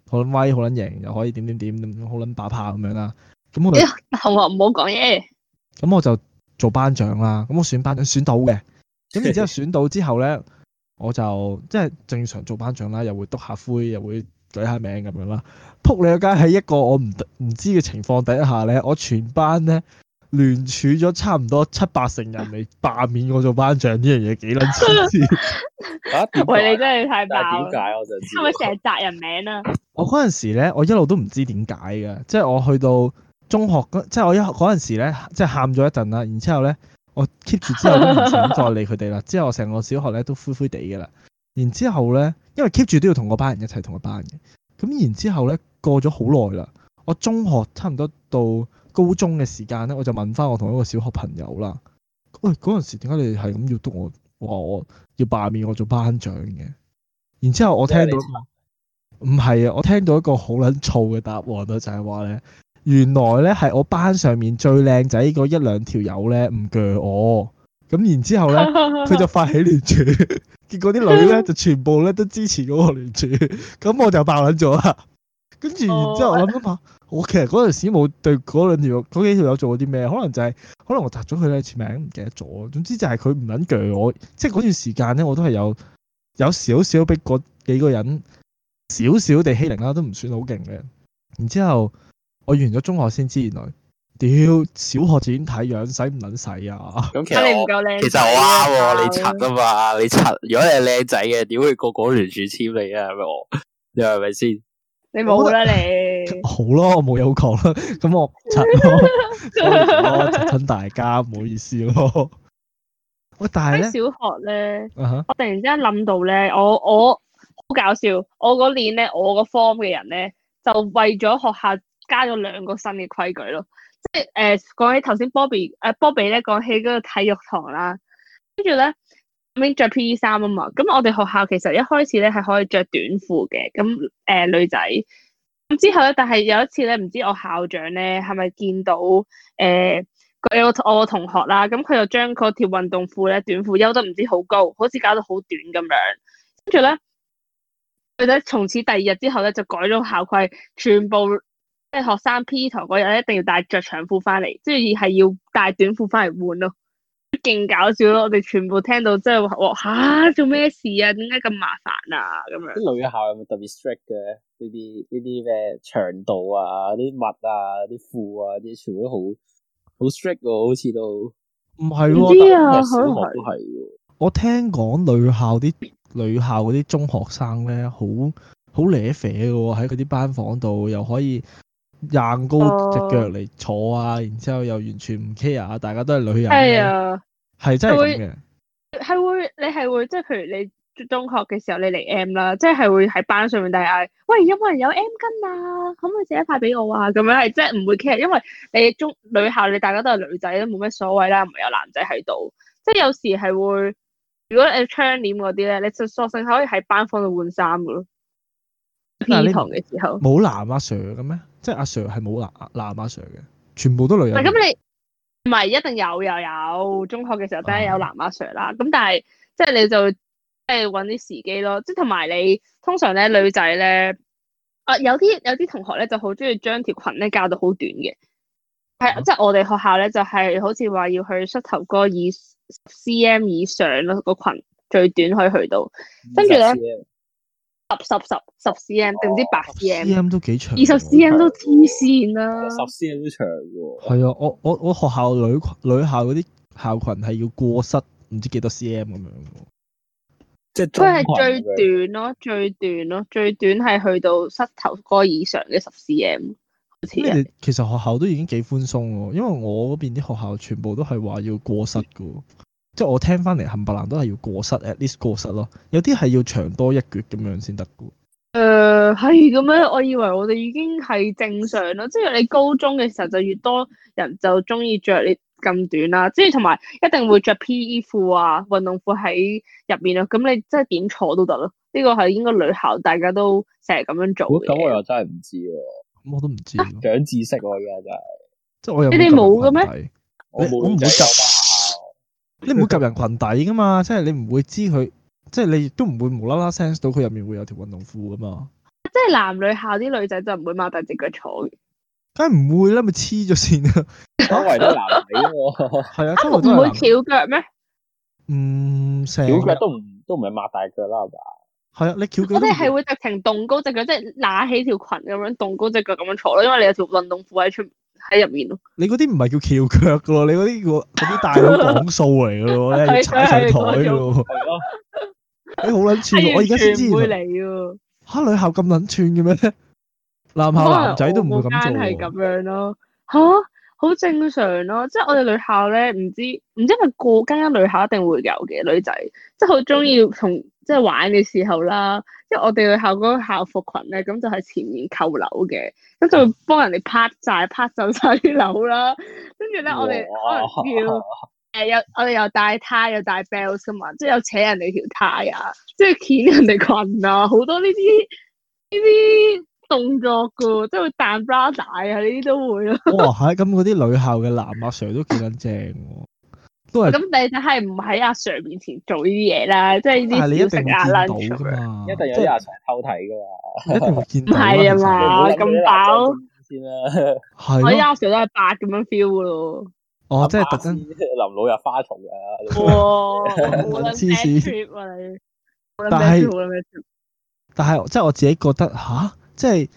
好撚威，好撚型，又可以點點點，好撚把炮咁樣啦。咁我，同學唔好講嘢。咁我就做班長啦。咁我選班長選到嘅。咁然之後選到之後咧，我就即係正常做班長啦，又會督下灰，又會舉下名咁樣啦。仆你個街喺一個我唔唔知嘅情況底下咧，我全班咧。亂處咗差唔多七八成人嚟，罷免我做班長，呢樣嘢，幾卵痴線！啊！喂，你真係太爆啦！點解？ 我就知係咪成日扎人名啊？ 我嗰陣時咧，我一路都唔知點解嘅，即係我去到中學嗰，即係我一陣時咧，即係喊咗一陣啦，然後呢之後咧，我 keep 住之後都唔想再理佢哋啦。之後成個小學咧都灰灰地嘅啦。然之後咧，因為 keep 住都要同嗰班人一齊同嗰班嘅。咁然之後咧，過咗好耐啦。我中學差唔多到。高中嘅時間咧，我就問翻我同一個小學朋友啦。喂、哎，嗰陣時點解你哋係咁要督我？話我要罷免我做班長嘅。然之後我聽到，唔係、嗯、啊，我聽到一個好撚燥嘅答案啊，就係話咧，原來咧係我班上面最靚仔嗰一兩條友咧唔鋸我，咁然之後咧佢就發起聯署，結果啲女咧就全部咧都支持嗰個聯署，咁我就爆撚咗啦。跟住然之後我想想，我諗下，我其實嗰陣時冇對嗰兩條、嗰幾條友做過啲咩？可能就係、係，可能我殺咗佢咧，全名唔記得咗。總之就係佢唔撚鋸我，即係嗰段時間咧，我都係有有少少逼嗰幾個人少少地欺凌啦，都唔算好勁嘅。然之後我完咗中學先知原來屌小學就已經睇樣使唔撚使啊！咁其實你唔夠靚，其實我蝦你柒啊嘛，我我你柒！如果你係靚仔嘅，屌佢個個完全簽你啊，係咪我？ 你係咪先？你冇啦你， 好咯，我冇嘢好講啦，咁 我擦咯，大家呢，唔好意思咯。我但係咧，小學咧，uh huh. 我突然之間諗到咧，我我好搞笑，我嗰年咧，我個 form 嘅人咧，就為咗學校加咗兩個新嘅規矩咯，即係誒，講、呃、起頭先 Bob、呃、，Bobby 誒，Bobby 咧，講起嗰個體育堂啦，跟住咧。咁樣着 P.E. 衫啊嘛，咁我哋學校其實一開始咧係可以着短褲嘅，咁誒、呃、女仔咁之後咧，但係有一次咧，唔知我校長咧係咪見到誒，有、呃、我個同學啦，咁佢又將嗰條運動褲咧短褲休得唔知好高，好似搞到好短咁樣，跟住咧，佢咧從此第二日之後咧就改咗校規，全部即係學生 P.E. 堂嗰日咧一定要帶着長褲翻嚟，即係係要帶短褲翻嚟換咯。勁搞笑咯！我哋全部聽到真係話，哇吓做咩事麼麼啊？點解咁麻煩啊？咁樣啲女校有冇特別 strict 嘅呢？啲呢啲咩長度啊、啲襪啊、啲褲啊，啲全部都好好 strict 喎，好似都唔係喎。啲啊，小學都係嘅。我聽講女校啲女校啲中學生咧，好好 lie 嘅喎，喺嗰啲班房度又可以硬高隻腳嚟坐啊，uh、然之後又完全唔 care，大家都係女人。係啊、uh。係真係嘅，係會，會你係會即係，譬如你中學嘅時候你嚟 M 啦，即係會喺班上面，大嗌：「喂，有冇人有 M 巾啊？可唔可以借一塊俾我啊？」咁樣係即係唔會 care，因為你中女校你大家都係女仔都冇咩所謂啦，唔係有男仔喺度，即係有時係會如果誒窗簾嗰啲咧，你就索性可以喺班房度換衫噶咯。你堂嘅時候冇男阿 Sir 嘅咩？即係阿 Sir 係冇男男阿 Sir 嘅，全部都女人咁你？唔係一定有又有，有，中學嘅時候都係有男阿 Sir 啦，咁 但係即係你就即係揾啲時機咯，即係同埋你通常咧女仔咧，啊有啲有啲同學咧就好中意將條裙咧較到好短嘅，係即係我哋學校咧就係、是、好似話要去膝頭哥以 cm 以上咯，個裙最短可以去到，跟住咧。 十十十 cm 定唔知八 cm? 十 cm 都幾長，二十 cm 都黐線啦。十 cm 都長嘅喎，係啊，我我我學校女女校嗰啲校裙係要過膝，唔知幾多 cm 咁樣，即係佢係最短咯，最短咯，最短係去到膝頭哥以上嘅十 cm。其實學校都已經幾寬鬆咯，因為我嗰邊啲學校全部都係話要過膝嘅。即係我聽翻嚟冚唪唥都係要過膝，at least 過膝咯。有啲係要長多一橛咁樣先得嘅。誒、呃，係咁樣。我以為我哋已經係正常咯。即係你高中嘅時候就越多人就中意着呢咁短啦。即係同埋一定會着 P.E. 褲啊，運動褲喺入面咯，啊。咁你即係點坐都得咯。呢個係應該女校大家都成日咁樣做嘅。咁，哦，我又真係唔知，啊，咁我都唔知，啊，長 知識我而家真係。即係我有，有你哋冇嘅咩？我冇。 你唔會夾人裙底㗎嘛，即係你唔會知佢，即係 你亦都唔會無啦啦 sense 到佢入面會有條運動褲㗎嘛。即係男女校啲女仔就唔會擘大隻腳坐，梗係唔會啦，咪黐咗線啦。周圍都係男仔喎，係啊，都唔會翹腳咩？唔成，翹腳都唔都唔係擘大腳啦，係咪？係 啊，你翹腳。我哋係會直情棟高隻腳，即係攬起條裙咁樣棟高隻腳咁樣坐咯，因為你有條運動褲喺出面。喺入面咯，你嗰啲唔係叫翹腳噶喎， 你嗰啲個啲大佬講數嚟噶喎，咧踩晒台咯，係咯，你好捻串喎，我而家先知嚟喎，吓女、啊、校咁捻串嘅咩？男校男仔都唔會咁做。係咁樣咯、啊，吓、啊、好正常咯、啊，即係我哋女校咧，唔知唔知過，因為個間間女校一定會有嘅女仔，即係好中意同即係玩嘅時候啦。因為我哋女校嗰校服裙咧，咁就喺前面扣紐嘅，咁就幫人哋拍晒拍走晒啲紐啦。跟住咧，我哋可能要誒，有哇、呃、我哋又戴 tie 又戴 belts 噶嘛，即係有扯人哋條 tie 啊，即係掀人哋裙啊，好多呢啲呢啲動作噶，即係彈 bra 帶啊，呢啲都會咯。哇，咁嗰啲女校嘅男阿 sir 都幾撚正喎！都係咁，你就係唔喺阿 Sir 面前做呢啲嘢啦，即係呢啲小食阿 lunch 啊一定有阿 Sir 偷睇噶嘛，一定見到。係啊嘛，咁飽先啦。我阿 Sir 都係八咁樣 feel 咯。哦，即係特登林老入花叢啊！哇，黐線啊你！但係，但係即係我自己覺得吓？即係。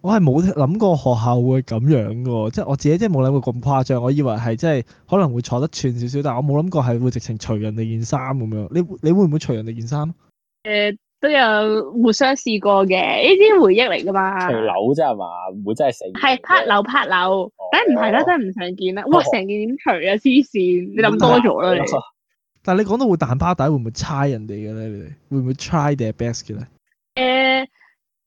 我係冇諗過學校會咁樣嘅，即係我自己真係冇諗過咁誇張。我以為係即係可能會坐得串少少，但係我冇諗過係會直情除人哋件衫咁樣。你你會唔會除人哋件衫？誒、嗯，都有互相試過嘅呢啲回憶嚟噶嘛？除樓真係話唔會真係死？係拍樓拍樓，梗唔係啦，真係唔常見啦。哇、oh.，成件除啊，黐、啊、線！你諗多咗啦你。但係你講到會彈巴底，會唔會差人哋嘅咧？你哋會唔會 try their best 嘅咧？啊啊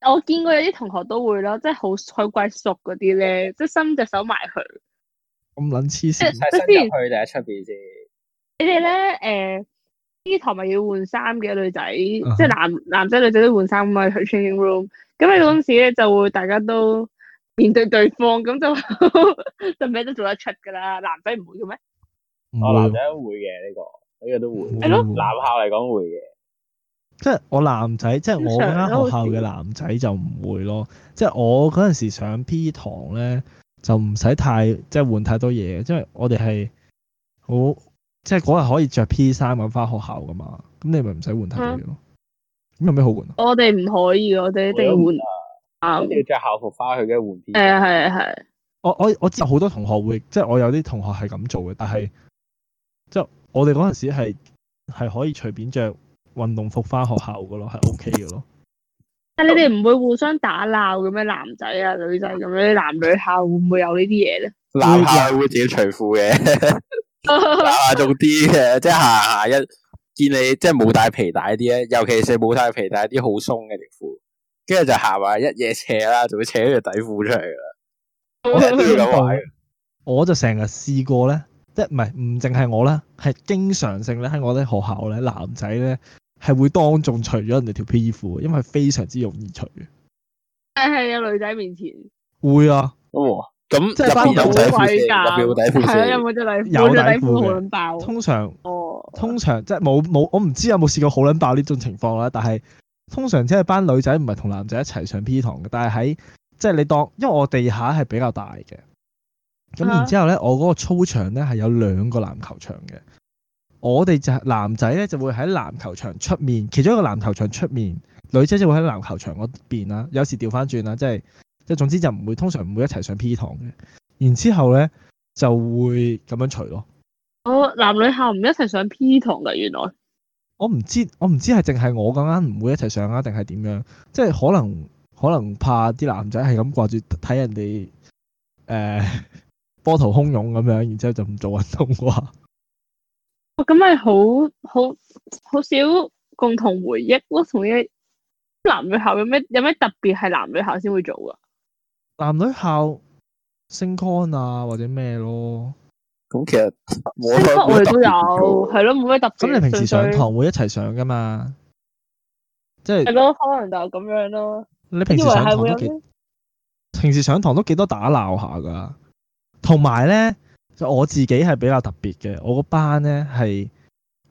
我見過有啲同學都會咯，即係好好鬼熟嗰啲咧，即係伸隻手埋佢。咁撚黐線，伸入、呃、去第一出邊先？你哋咧，誒、呃，呢啲堂咪要換衫嘅女仔，uh huh. 即係男男仔女仔都換衫咪去 training room。咁你嗰陣時咧，就會大家都面對對方，咁就 就咩都做得出㗎啦。男仔唔會嘅咩？會哦，男仔都會嘅呢、呢個，呢、呢個都會。係咯， 男校嚟講會嘅。即係我男仔，即係我間學校嘅男仔就唔會咯。即係我嗰陣時上 P 堂咧，就唔使太即係換太多嘢。即係我哋係好，即係嗰日可以着 P 衫咁翻學校噶嘛。咁你咪唔使換太多嘢咯。咁、啊、有咩好換？我哋唔可以，我哋一定要換我啊！要着校服翻去嘅換 P。誒係係。我我我知道有好多同學會，即係我有啲同學係咁做嘅，但係即係我哋嗰陣時係係可以隨便着。運動服翻學校嘅咯，係 OK 嘅咯。但你哋唔會互相打鬧咁樣？男仔啊、女仔咁樣，男女校會唔會有呢啲嘢咧？男校會自己除褲嘅， 男校仲啲嘅，即係下下一，走一見你即係冇帶皮帶啲咧，尤其是冇帶皮帶啲好鬆嘅條褲，跟住就行埋一嘢扯啦，就會扯條底褲出嚟啦。我就成日試過咧。即係唔係唔淨係我啦，係經常性咧，喺我哋學校咧，男仔咧係會當眾除咗人哋條 P 褲，因為非常之容易除。係係，喺女仔面前。會啊，哦，咁、嗯、即係班女仔飛架，係啊價，有冇就嚟冇底褲好撚爆。通常，哦，通常即係冇冇，我唔知有冇試過好撚爆呢種情況啦。但係通常即係班女仔唔係同男仔一齊上 P 堂嘅，但係喺即係你當，因為我地下係比較大嘅。咁然之後咧，啊、我嗰個操場咧係有兩個籃球場嘅。我哋就係男仔咧就會喺籃球場出面，其中一個籃球場出面，女仔就會喺籃球場嗰邊啦。有時調翻轉啦，即係即係總之就唔會通常唔會一齊上 P 堂嘅。然之後咧就會咁樣除咯。我、哦、男女校唔一齊上 P 堂㗎，原來我唔知我唔知係淨係我咁啱唔會一齊上啊，定係點樣？即係可能可能怕啲男仔係咁掛住睇人哋誒。呃波濤洶湧咁樣，然之後就唔做運動啩 。我咁咪好好好少共同回憶咯、啊，同啲男女校有咩有咩特別係男女校先會做噶？男女校升 con 啊，或者咩咯？咁其實升 con 我哋都有，係咯、啊，冇咩、啊、特別。咁你平時上堂會一齊上噶嘛？即係係咯，可能就咁樣咯。你平時上堂都幾平時上堂都，都幾多打鬧下噶。同埋咧，就我自己係比較特別嘅。我個班咧係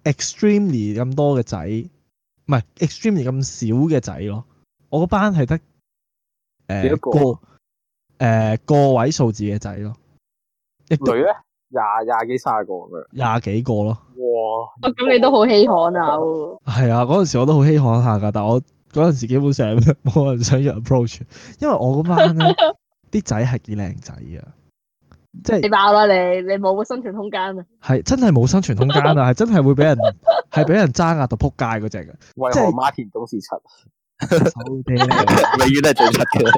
extremely 咁多嘅仔，唔係 extremely 咁少嘅仔咯。我班、呃、個班係得誒個誒、呃、個位數字嘅仔咯，一隊咧廿廿幾三十個咁樣，廿幾個咯。哇！咁、哦、你都好稀罕啊！喎、嗯，係啊，嗰陣時我都好稀罕下、啊、㗎，但係我嗰陣時基本上冇 人想約 approach，因為我嗰班咧啲仔係幾靚仔啊。 即係你爆啦、啊、你！你冇個生存空間啊！係真係冇生存空間啊！係 真係會俾人係俾人爭壓到扑街嗰隻嘅。即係馬田總是七，永遠都係最七嘅。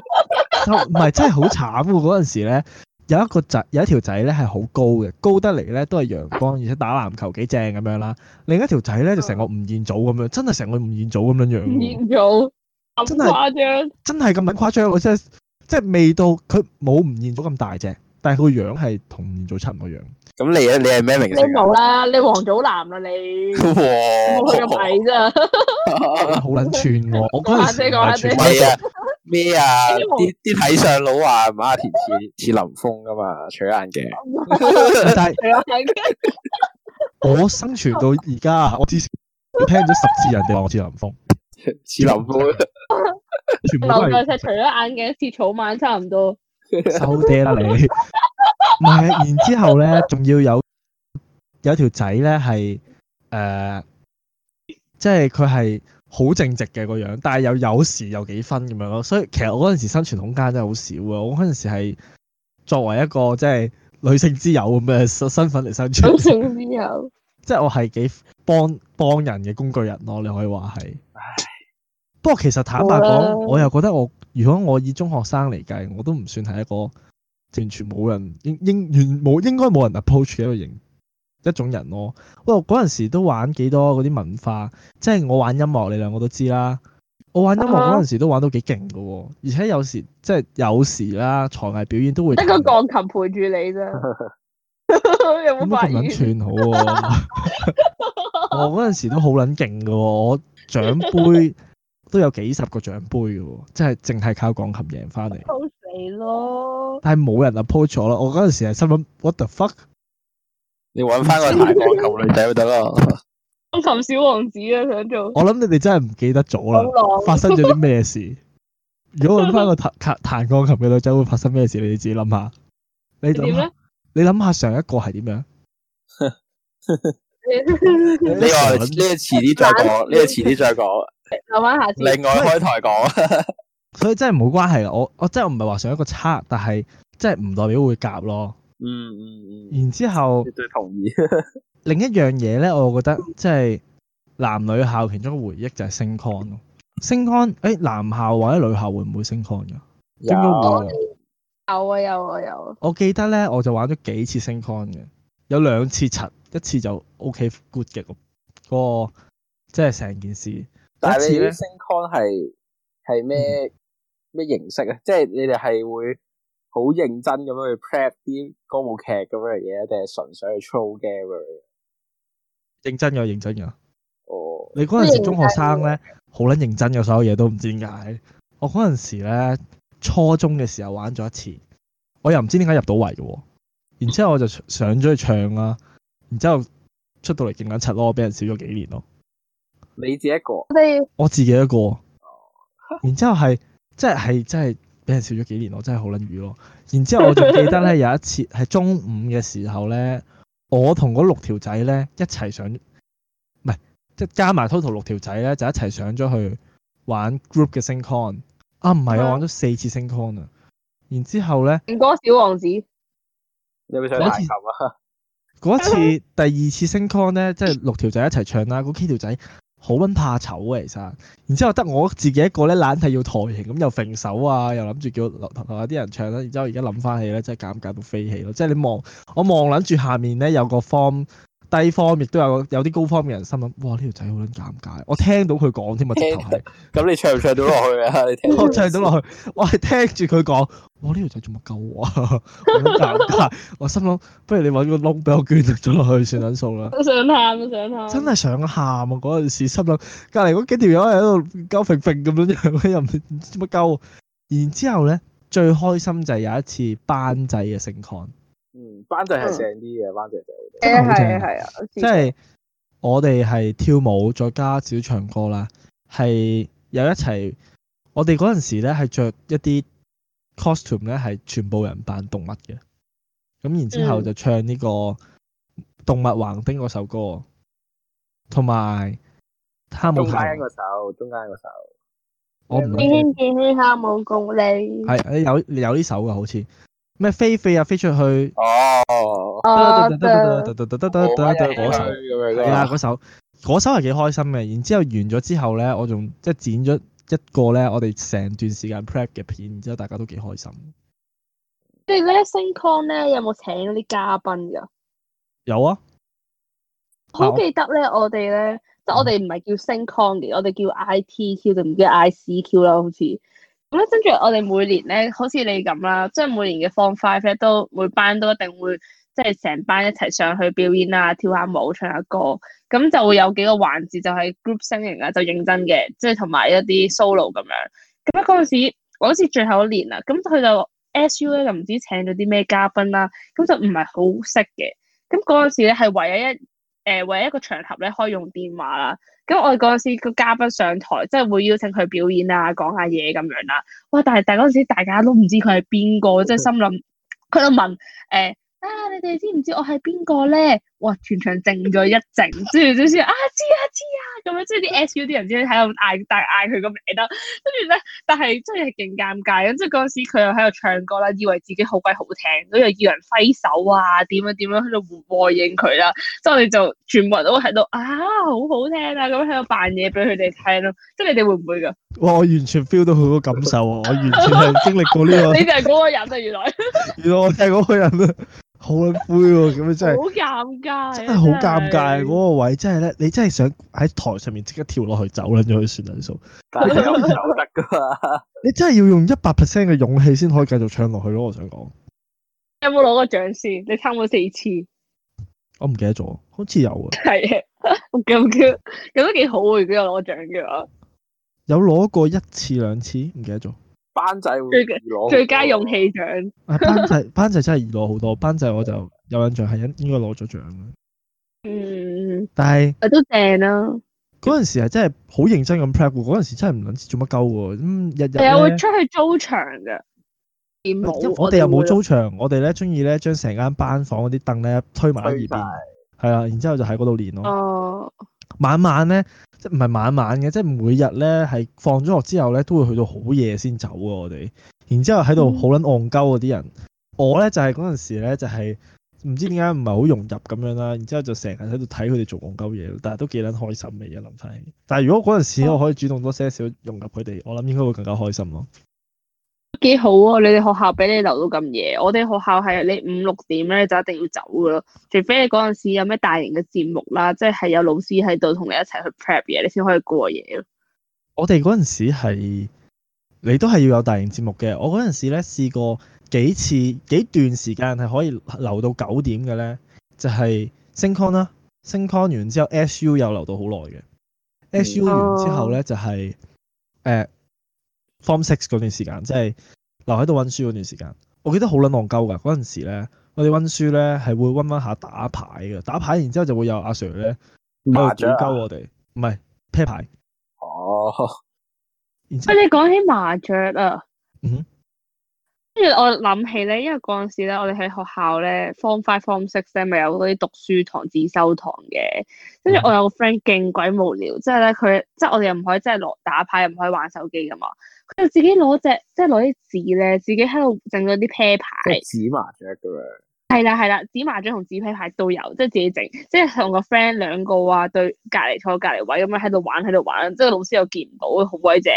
唔係 真係好慘嘅，嗰陣時咧，有一個仔有一條仔咧係好高嘅，高得嚟咧都係陽光，而且打籃球幾正咁樣啦。另一條仔咧就成個吳彥祖咁樣，真係成個吳彥祖咁樣樣。吳彥祖咁誇張，真係咁捻誇張，即係即係未到佢冇吳彥祖咁大隻。但係佢樣係同年早陳嗰樣。咁你咧？你係咩名？你冇啦，你王祖藍啊。你。哇！冇佢咁矮啫。好撚串我。我嗰陣時講緊係咩啊？啲啲睇相佬話馬田似似林峰噶嘛，除咗眼鏡。但係我生存到而家，我至少聽咗十次人哋話我似林峯，似林峯。全部都係除咗眼鏡似草蜢差唔多。收爹啦你，唔 係，然之後咧，仲要有有條仔咧係誒，即係佢係好正直嘅個樣，但係又有時有幾分咁樣咯。所以其實我嗰陣時生存空間真係好少啊。我嗰陣時係作為一個即係女性之友咁嘅身身份嚟生存，性友， 即係我係幾幫幫人嘅工具人咯，你可以話係。唉，不過其實坦白講，吧我又覺得我。如果我以中學生嚟計，我都唔算係一個完全冇人應應完冇應該冇人 approach 嘅一個型一種人咯、哦。喂、哦，嗰陣時都玩幾多嗰啲文化，即係我玩音樂，你兩個都知啦。我玩音樂嗰陣時都玩到幾勁㗎喎，而且有時即係有時啦，才藝表演都會得個鋼琴陪住你啫。 嗯、有冇咁撚串好喎。我嗰陣時都好撚勁㗎喎，我獎杯，都有幾十個獎杯嘅喎，即係淨係靠鋼琴贏翻嚟。p 死咯！但係冇人啊 po 咗啦。我嗰陣時係心諗，what the fuck？你揾翻個彈鋼琴女仔就得啦、啊。 鋼琴小王子啊，想做。我諗你哋真係唔記得咗啦，發生咗啲咩事？ 如果我揾翻個彈彈鋼琴嘅女仔會發生咩事？你哋自己諗下。你點咧？你諗下上一個係點樣？ 呢個呢個遲啲再講，呢個遲啲再講。另外下次，另外開台講。 所以真係冇關係嘅。我我真係唔係話上一個差，但係真係唔代表會夾咯。嗯嗯嗯。嗯，然之後絕對同意。 另一樣嘢咧，我覺得即係、就是、男女校其中嘅回憶就係升 con 咯。升 con 誒，男校或者女校會唔會升 con 噶？應該會啊，有啊，有啊，有。有有有，我記得咧，我就玩咗幾次升 con 嘅，有兩次七次。一次就 O、OK, K good 嘅嗰、嗰個，即係成件事。一次呢，但係你啲 Sing Con 係係咩咩形式啊？即係你哋係會好認真咁樣去 prep 啲歌舞劇咁樣嘢定係純粹去 chill game 嚟嘅？認真嘅，認真嘅。哦，你嗰陣時中學生咧，好撚認真嘅，所有嘢都唔知點解。嗯、我嗰陣時咧，初中嘅時候玩咗一次，我又唔知點解入到圍嘅，然之後我就上咗去唱啦。然之後出到嚟勁撚柒咯，俾人笑咗幾年咯。你自己一個，我自己一個。然之後係即係係真係俾人笑咗幾年，我真係好撚瘀咯。然之後我仲記得咧 有一次係中午嘅時候咧，我同嗰六條仔咧一齊上，唔係即係加埋 total 六條仔咧就一齊上咗去玩 group 嘅星 con 啊！唔係我玩咗四次星 con 啊。然之後咧，勁哥小王子，次你有冇上大仇啊？嗰一次第二次升 con 咧，即係六條仔一齊唱啦。嗰幾條仔好溫怕醜啊，其實。然之後得我自己一個咧，懶係要台型，咁又揈手啊，又諗住叫同埋啲人唱啦。然之後而家諗翻起咧，真係尷尬到飛起咯。即係你望我望諗住下面咧，有個 form。低方亦都有有啲高方面嘅人心諗，哇，呢條仔好撚尷尬，我聽到佢講添啊，直頭係。咁你唱唔唱到落去啊？你唱到落去，我係聽住佢講，哇，呢條仔做乜鳩啊？好尷尬，我心諗，不如你搵個窿俾我捐咗落去算撚數啦。想喊啊，想喊！真係想喊啊！嗰陣時心諗，隔籬嗰幾條友喺度鳩揈揈咁樣又唔知乜鳩。然之後咧，最開心就係有一次班仔嘅盛況嗯，班隊係正啲嘅，嗯、班隊隊誒係係啊，即係、嗯哎、我哋係跳舞再加少唱歌啦，係有一齊。我哋嗰陣時咧係着一啲 costume 咧，係全部人扮動物嘅。咁然之後就唱呢個動物橫丁嗰首歌，同埋哈姆太。中間嗰首，中間嗰首。我唔。天邊天邊哈姆共你。係有有呢首嘅，好似。咩飛飛啊，飛出去哦！嗰首係首嗰首係幾開心嘅。然之後完咗之後咧，我仲即係剪咗一個咧，我哋成段時間 prep 嘅片，然之後大家都幾開心。即係咧，Sing con 咧有冇請啲嘉賓噶？有啊，好讓 記得咧、嗯，我哋咧即係我哋唔係叫 Sing con 嘅，我哋叫 I T Q 定唔叫 I C Q 啦，好似。咁咧，跟住我哋每年咧，好似你咁啦，即係每年嘅 Fun Five 咧，都每班都一定會，即係成班一齊上去表演啊，跳下舞，唱下歌，咁就會有幾個環節就係 Group Singing 啊，就認真嘅，即係同埋一啲 Solo 咁樣。咁啊，嗰陣時我好似最後一年啦，咁佢就 S.U 咧就唔知請咗啲咩嘉賓啦，咁就唔係好識嘅。咁嗰陣時咧係唯一一。誒、呃、為一個場合咧，可以用電話啦，咁我哋嗰陣時個嘉賓上台，即係會邀請佢表演啊，講下嘢咁樣啦、啊。哇！但係但嗰陣時大家都唔知佢係邊個， 即係心諗佢就問誒、欸、啊，你哋知唔知我係邊個咧？哇！全場靜咗一靜，之後就先啊知啊知啊咁樣，即係啲 S.U. 啲人先喺度嗌，但嗌佢個名啦。跟住咧，但係真係係勁尷尬。咁即係嗰時佢又喺度唱歌啦，以為自己好鬼好聽，咁又叫人揮手啊，點樣點樣喺度和應佢啦。即係我哋就全部人都喺度啊，好好聽啊，咁喺度扮嘢俾佢哋聽咯。即係你哋會唔會㗎？哇！我完全 feel 到佢個感受啊！我完全係經歷過呢個。 你哋係嗰個人啊，原來。 原來我係嗰個人啊。好灰喎，咁樣真係好尷尬，真係好尷尬嗰個位，真係咧，真 你真係想喺台上面即刻跳落去走啦，仲可以算好數。有得㗎嘛？你真係要用一百 percent 嘅勇氣先可以繼續唱落去咯，我想講。有冇攞過獎先？ 你參過四次。我唔記得咗，好似有啊。係啊，咁都幾好喎！如果有攞獎嘅話，有攞過一次兩次，唔記得咗。班仔會攞最佳勇氣獎。班仔班仔真係易攞好多， 班仔我就有印象係應應該攞咗獎。嗯，天天但係誒都正啦。嗰陣時係真係好認真咁 practice 嗰陣時真係唔捻知做乜鳩喎，日日。係會出去租場嘅。我哋又冇租場，我哋咧中意咧將成間班房嗰啲凳咧推埋喺二邊，係啊快，然之後就喺嗰度練咯。哦晚晚咧，即係唔係晚晚嘅，即係每日咧係放咗學之後咧都會去到好夜先走喎，我哋。然之後喺度好撚戇鳩嗰啲人，嗯、我咧就係嗰陣時咧就係、是、唔知點解唔係好融入咁樣啦。然之後就成日喺度睇佢哋做戇鳩嘢，但係都幾撚開心嘅嘢諗翻起。但係如果嗰陣時、嗯、我可以主動多些少融入佢哋，我諗應該會更加開心咯。幾好啊！你哋學校俾你留到咁夜，我哋學校係你五六點咧就一定要走噶咯，除非你嗰陣時有咩大型嘅節目啦，即係有老師喺度同你一齊去 prep 嘢，你先可以過夜咯。我哋嗰陣時係，你都係要有大型節目嘅。我嗰陣時咧試過幾次幾段時間係可以留到九點嘅咧，就係升 con 啦，升 con 完之後 su 又留到好耐嘅，su 完之後咧就係、是、誒。呃 S Form Six 嗰段時間，即係留喺度温書嗰段時間，我記得好撚戇鳩㗎。嗰陣時咧，我哋温書咧係會温温下打牌嘅，打牌然之後就會有阿 sir 咧去賭鳩我哋，唔係啤牌。哦，然後你講起麻雀啊。嗯跟住我諗起咧，因為嗰陣時咧，我哋喺學校咧，Form Five Form Six 咧，咪有嗰啲讀書堂、自修堂嘅。跟住我有個 friend 勁鬼無聊，即係咧佢，即係我哋又唔可以即係攞打牌，又唔可以玩手機噶嘛。佢就自己攞隻，即係攞啲紙咧，自己喺度整咗啲啤牌。即係紙麻雀噶嘛。係啦係啦，紙麻雀同紙啤牌都有，即係自己整，即係同個 friend 兩個啊對隔籬坐隔籬位咁樣喺度玩喺度玩，玩，即係老師又見唔到，好鬼正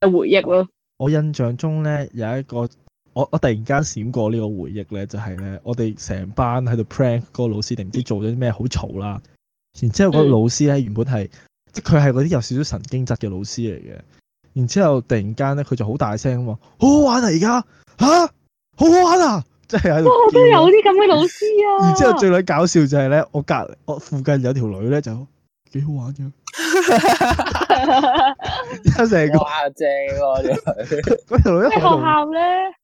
嘅回憶咯。嗯我印象中咧，有一個我我突然間閃過呢個回憶咧，就係、是、咧，我哋成班喺度 prank 個老師定唔知做咗啲咩好嘈啦。然之後個老師咧，原本係即係佢係嗰啲有少少神經質嘅老師嚟嘅。然之後突然間咧，佢就好大聲咁話：好好玩啊！而家吓，好好玩啊！即係喺度。我都有啲咁嘅老師啊。 然之後最女搞笑就係咧，我隔我附近有條女咧，就幾好玩嘅。哈！成個 正喎、啊，真係。 學,學,學校咧，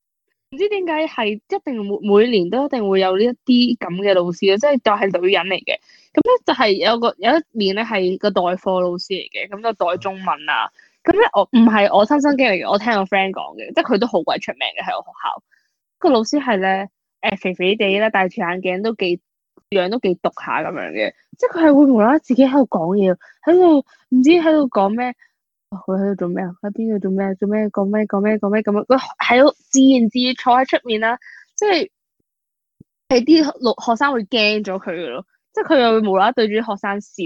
唔知點解係一定每年都一定會有呢一啲咁嘅老師嘅，即係就係、是、女人嚟嘅。咁咧就係有個有一年咧係個代課老師嚟嘅，咁就代中文啊。咁咧我唔係我親身經歷嘅，我聽我 friend 講嘅，即係佢都好鬼出名嘅喺我學校。個老師係咧，誒、欸、肥肥地啦，戴住眼鏡都幾。樣都幾毒下咁樣嘅，即係佢係會無啦啦自己喺度、哦、講嘢，喺度唔知喺度講咩，佢喺度做咩，喺邊度做咩，做咩講咩講咩講咩咁樣佢喺度自言自語坐喺出面啦，即係係啲老學生會驚咗佢嘅咯，即係佢又會無啦啦對住啲學生笑，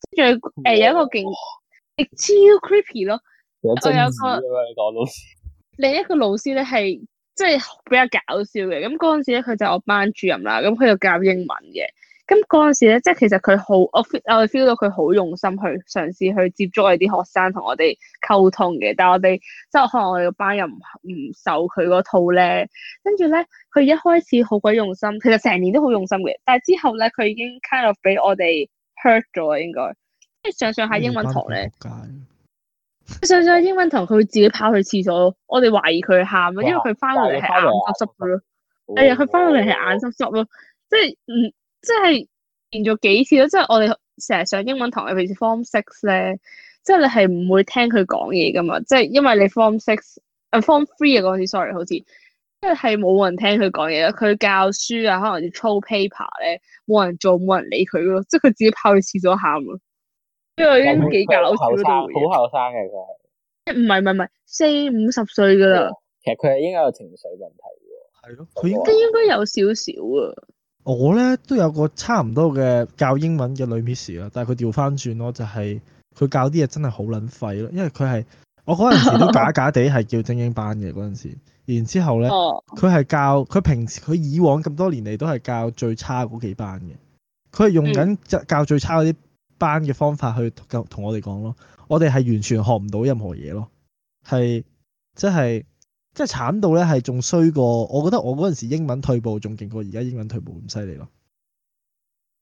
即係誒有、呃、有一個勁超 creepy 咯。有正師咩？講到另一個老師咧係。即係比較搞笑嘅，咁嗰陣時咧，佢就係我班主任啦，咁佢就教英文嘅。咁嗰陣時咧，即係其實佢好，我 f e 我 feel 到佢好用心去嘗試去接觸我哋啲學生同我哋溝通嘅。但係我哋即係可能我哋個班又唔唔受佢嗰套咧。跟住咧，佢一開始好鬼用心，其實成年都好用心嘅。但係之後咧，佢已經 kind of 俾我哋 hurt 咗，應該，即係上上下英文堂咧。上上英文堂佢會自己跑去廁所，我哋懷疑佢喊，因為佢翻到嚟係眼濕濕咯。哎呀哇，佢翻到嚟係眼濕濕咯，即係嗯，即係連續幾次咯，即係我哋成日上英文堂，尤其是 Form Six 咧，即係你係唔會聽佢講嘢噶嘛，即係因為你 Form Six 啊 Form Three 啊嗰陣時，sorry，好似即係冇人聽佢講嘢，佢教書啊，可能要抽 paper 咧，冇人做冇人理佢咯，即係佢自己跑去廁所喊啊。因為已經幾搞笑好，好後生嘅佢係，唔係唔係唔係四五十歲噶啦。其實佢係應該有情緒問題嘅。係咯，佢應都應該有少少啊。我咧都有個差唔多嘅教英文嘅女 miss 啦，但係佢調翻轉咯，就係佢教啲嘢真係好撚廢咯。因為佢係我嗰陣時都假 假地係叫精英班嘅嗰陣時，然之後咧，佢係教佢平時佢以往咁多年嚟都係教最差嗰幾班嘅，佢係用緊教教最差嗰啲。嗯班嘅方法去同我哋講咯，我哋係完全學唔到任何嘢咯，係即係即係慘到咧，係仲衰過，我覺得我嗰陣時英文退步仲勁過而家英文退步咁犀利咯，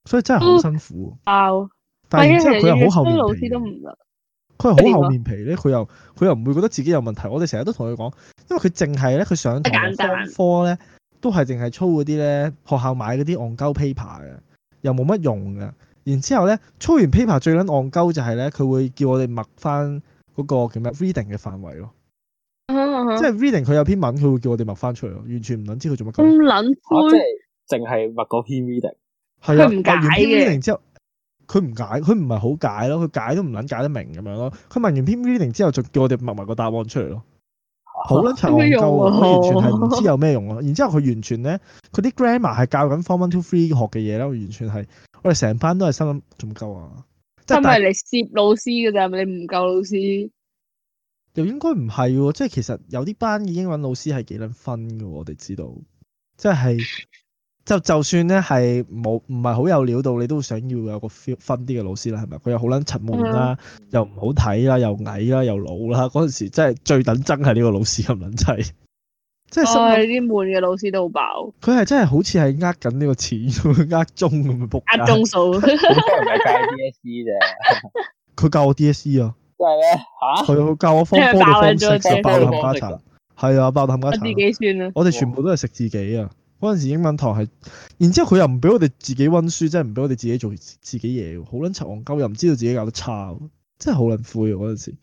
所以真係好辛苦。哦哦、但係然之後佢係好厚面皮，佢係好厚面皮咧，佢又佢又唔會覺得自己有問題。我哋成日都同佢講，因為佢淨係咧，佢上兩科咧都係淨係操嗰啲咧學校買嗰啲戇鳩 paper 嘅，又冇乜用嘅。然之後咧，操完 paper 最撚戇鳩就係咧，佢會叫我哋默翻嗰個叫咩 reading 嘅範圍咯。Uh huh, uh huh. 即係 reading 佢有篇文，佢會叫我哋默翻出嚟咯，完全唔撚知佢做乜鳩。咁撚灰，啊、即淨係默個篇 reading。係啊，默完篇 reading 之後，佢唔解，佢唔係好解咯，佢解都唔撚解得明咁樣咯。佢默完篇 reading 之後，就叫我哋默埋個答，答案出嚟咯。Uh、huh, 好撚戇鳩佢完全係唔知有咩用啊！然之後佢完全咧，佢啲 grammar 係教緊 form one to three 學嘅嘢咯，完全係、啊。 我哋成班都係心諗仲唔夠啊？真係嚟攝老師嘅咋？係咪？你唔夠老師又應該唔係喎，即係其實有啲班嘅英文老師係幾撚分嘅，我哋知道，即係就就算咧係冇唔係好有料到，你都想要有個 feel 分啲嘅老師啦，係咪？佢又好撚沉悶啦，嗯、哼又唔好睇啦，又矮啦，又老啦，嗰陣時真係最等憎係呢個老師咁撚滯。係 即係收啲悶嘅老師都好飽，佢係真係好似係呃緊呢個錢，呃鐘咁樣呃鐘數。我教人 DSE 啫，佢教我 DSE 啊。佢、啊、教我方波嘅方式就爆冧家產。係啊，爆冧家產。我自己算啦。我哋全部都係食自己啊！嗰陣時英文堂係，然之後佢又唔俾我哋自己溫書，哇真係唔俾我哋自己做自己嘢好撚柒，戇鳩又唔知道自己教得差、啊，真係好撚灰嗰陣時。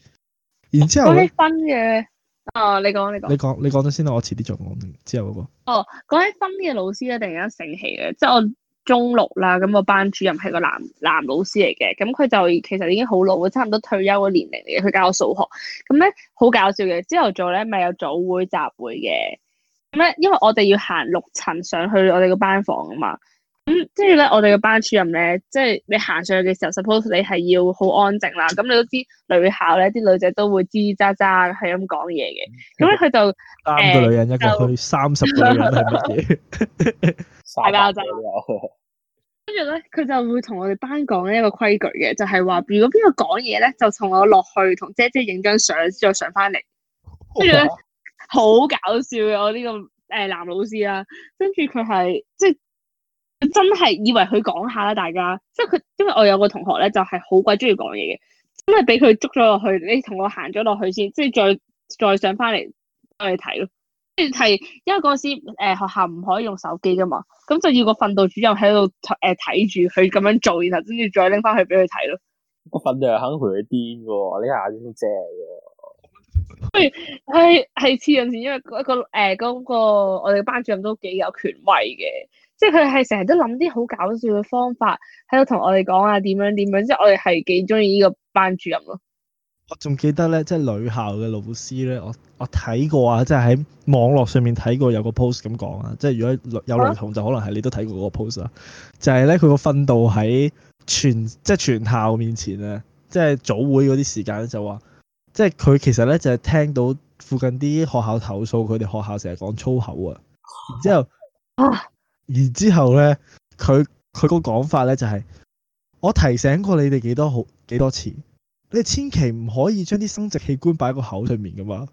然之後分嘅。啊誒、哦，你講你講，你講你講咗先啦，我遲啲再講之後嗰個。哦，講起分嘅老師咧，突然間醒起嘅，即係我中六啦，咁個班主任係個男男老師嚟嘅，咁佢就其實已經好老，差唔多退休嘅年齡嚟嘅，佢教我數學，咁咧好搞笑嘅，朝頭早咧咪有早會集會嘅，咁咧因為我哋要行六層上去我哋個班房啊嘛。咁即係咧，我哋嘅班主任咧，即係你行上去嘅時候，suppose 你係要好安靜啦。咁你都知女校咧，啲女仔都會吱吱喳喳係咁講嘢嘅。咁咧佢就三個女人一個人去就三十個女人係乜嘢？係啦 啊就是，跟住咧，佢就會同我哋班講一個規矩嘅，就係話如果邊個講嘢咧，就同我落去同姐姐影張相，再上翻嚟。跟住咧好搞笑嘅，我呢個誒男老師啦、啊，跟住佢係即係。即真係以為佢講下啦，大家，即係佢，因為我有個同學咧，就係好鬼中意講嘢嘅，真係俾佢捉咗落去，你同我行咗落去先，即係再再上翻嚟我哋睇咯，即係因為嗰時誒、呃、學校唔可以用手機噶嘛，咁就要個訓導主任喺度誒睇住佢咁樣做，然後先至再拎翻去俾佢睇咯。個訓導係肯陪佢癲嘅，呢下先正嘅。係係係似樣，因為、那個誒嗰、呃那個呃那個我哋班主任都幾有權威嘅。即係佢係成日都諗啲好搞笑嘅方法喺度同我哋講啊，點樣點樣，即係我哋係幾中意呢個班主任咯。我仲記得咧，即係女校嘅老師咧，我我睇過啊，即係喺網絡上面睇過有個 post 咁講啊，即係如果有雷同、啊、就可能係你都睇過嗰個 post 啦。就係咧佢個訓導喺全即係全校面前咧，即係早會嗰啲時間就話，即係佢其實咧就係、是、聽到附近啲學校投訴佢哋學校成日講粗口啊，然之後啊。然之後咧，佢佢個講法咧就係、是，我提醒過你哋幾多好幾多次，你千祈唔可以將啲生殖器官擺喺個口上面噶嘛。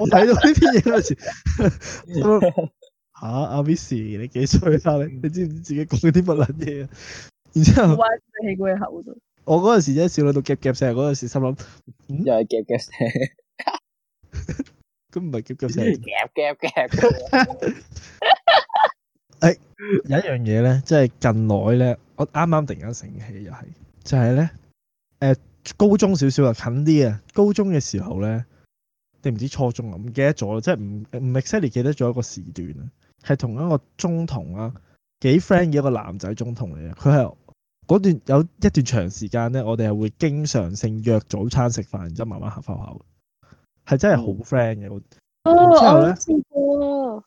我睇到呢篇嘢嗰陣時，阿、 啊啊、Miss 你幾衰啦，你，你知唔知自己講啲乜撚嘢啊？ 然之後，器官口度。我嗰陣時啫、嗯，笑到到夾夾聲，嗰陣時心諗又係夾夾聲。咁唔係夾夾聲，夾夾夾。誒，有一樣嘢咧，即係近來咧，我啱啱突然間醒起又係，就係咧誒，高中少少啊，近啲啊，高中嘅時候咧，定唔知初中啊，唔記得咗啦，即係唔唔 exactly 記得咗一個時段啊，係同一個中同啊，幾 friend 嘅一個男仔中同嚟嘅，佢係嗰段有一段長時間咧，我哋係會經常性約早餐食飯，然之後慢慢合翻口。係真係好 friend 嘅。然之後咧，哦啊、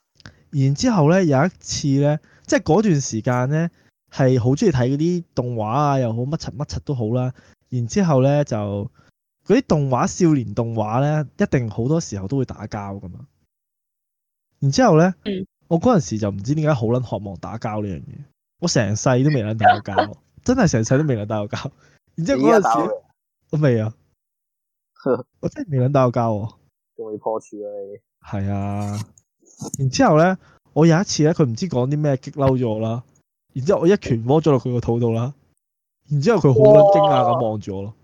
然之後咧有一次咧，即係嗰段時間咧，係好中意睇嗰啲動畫啊又好乜柒乜柒都好啦，啊。然之後咧就嗰啲動畫，少年動畫咧，一定好多時候都會打交噶嘛。然之後咧，我嗰陣時就唔知點解好捻渴望打交呢樣嘢，我成世都未捻打過交， 真係成世都未捻打過交。然之後嗰陣時，我未啊。 我真係未撚打個交，啊，仲要破處啊你。係啊，然之後咧，我有一次咧，佢唔知講啲咩激嬲咗我啦，然之後我一拳摸咗落佢個肚度啦，然之後佢好撚驚訝咁望住我咯，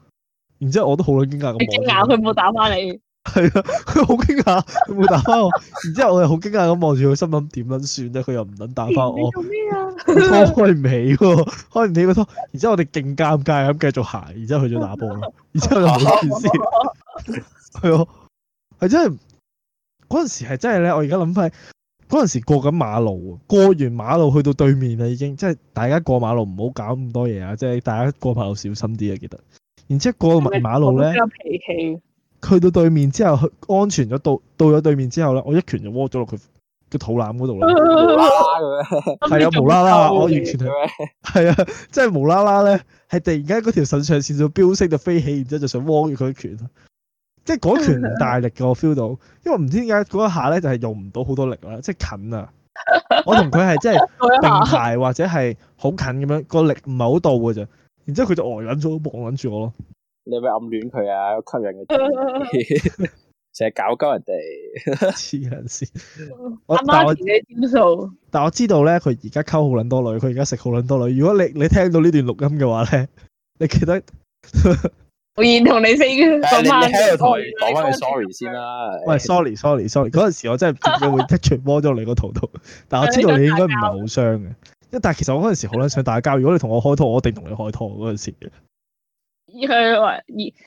然之後我都好撚驚訝咁。哇我驚訝佢冇打翻你。係啊，佢好驚訝，佢冇 打翻我。然之後我又好驚訝咁望住佢，心諗點樣算咧？佢又唔捻打翻我。開尾、 哦、做咩啊？ 開唔起開唔起個拖。然之後我哋勁尷尬咁繼續行。然之後去咗打波然之後又冇件事。係啊， 係真係嗰陣時係真係咧。我而家諗翻嗰陣時過緊馬路，過完馬路去到對面啦，已經即係大家過馬路唔好搞咁多嘢啊！即係大家過馬路小心啲啊，記得。然之後過埋馬路咧，脾氣。去到對面之後，去安全咗到到咗對面之後啦，我一拳就窩咗落佢嘅肚腩嗰度啦，係啊，無啦啦，我完全係係 啊，即係無啦啦咧，係突然間嗰條腎上腺就飆升到飛起，然之後就想窩住佢一拳，即係嗰拳唔大力嘅， 我 feel 到，因為唔知點解嗰一下咧就係用唔到好多力啦，即係近啊，我同佢係即係並排或者係好近咁樣，個力唔係好到嘅啫，然之後佢就呆撚咗，望撚住我咯。你係咪暗戀佢啊？吸引佢，成日搞鳩人哋，黐人先，我但係我自己點數？但我知道咧，佢而家溝好撚多女，佢而家食好撚多女。如果你你聽到呢段錄音嘅話咧，你記得我認同你四圈。你聽我同你講翻你 sorry 先啦。喂，sorry sorry sorry，嗰陣時我真係會踢住摸咗你個圖圖。但我知道你應該唔係好傷嘅，因但係其實我嗰陣時好撚想打交。如果你同我開拖，我一定同你開拖嗰陣時。要佢話，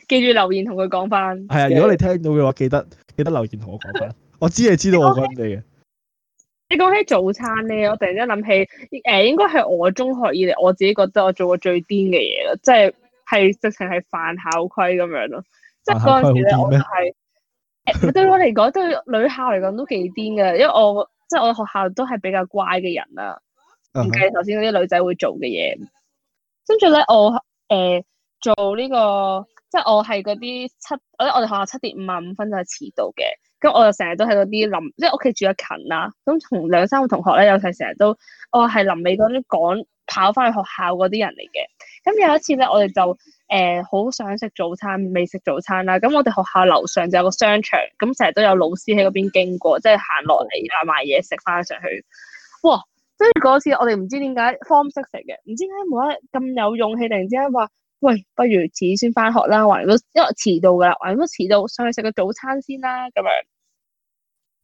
記住留言同佢講翻。係啊，如果你聽到嘅話，記得記得留言同我講翻。 我知你知道我講嘅嘢。你講起早餐咧，我突然間諗起，誒、呃，應該係我中學以嚟我自己覺得我做過最癲嘅嘢啦，即係係直情係犯校規咁樣咯。即係嗰陣時咧，我係對我嚟講，對女校嚟講都幾癲㗎，因為我即係我學校都係比較乖嘅人啦，唔計頭先嗰啲女仔會做嘅嘢。跟住咧，我誒。呃呃做呢、這個即係、就是、我係嗰啲七，我覺得我哋學校七點五啊五分就係遲到嘅。咁我就成日都喺嗰啲臨，即係屋企住得近啦。咁同兩三個同學咧，有時成日都哦係臨尾嗰啲趕跑翻去學校嗰啲人嚟嘅。咁有一次咧，我哋就誒好、呃、想食早餐，未食早餐啦。咁我哋學校樓上就有個商場，咁成日都有老師喺嗰邊經過，即係行落嚟買買嘢食翻上去。哇！所以嗰次我哋唔知點解 form 識食嘅，唔知點解冇得咁有勇氣，突然之間話。喂，不如遲啲先翻學啦，還都因為遲到噶啦，還都遲到，上去食個早餐先啦，咁樣。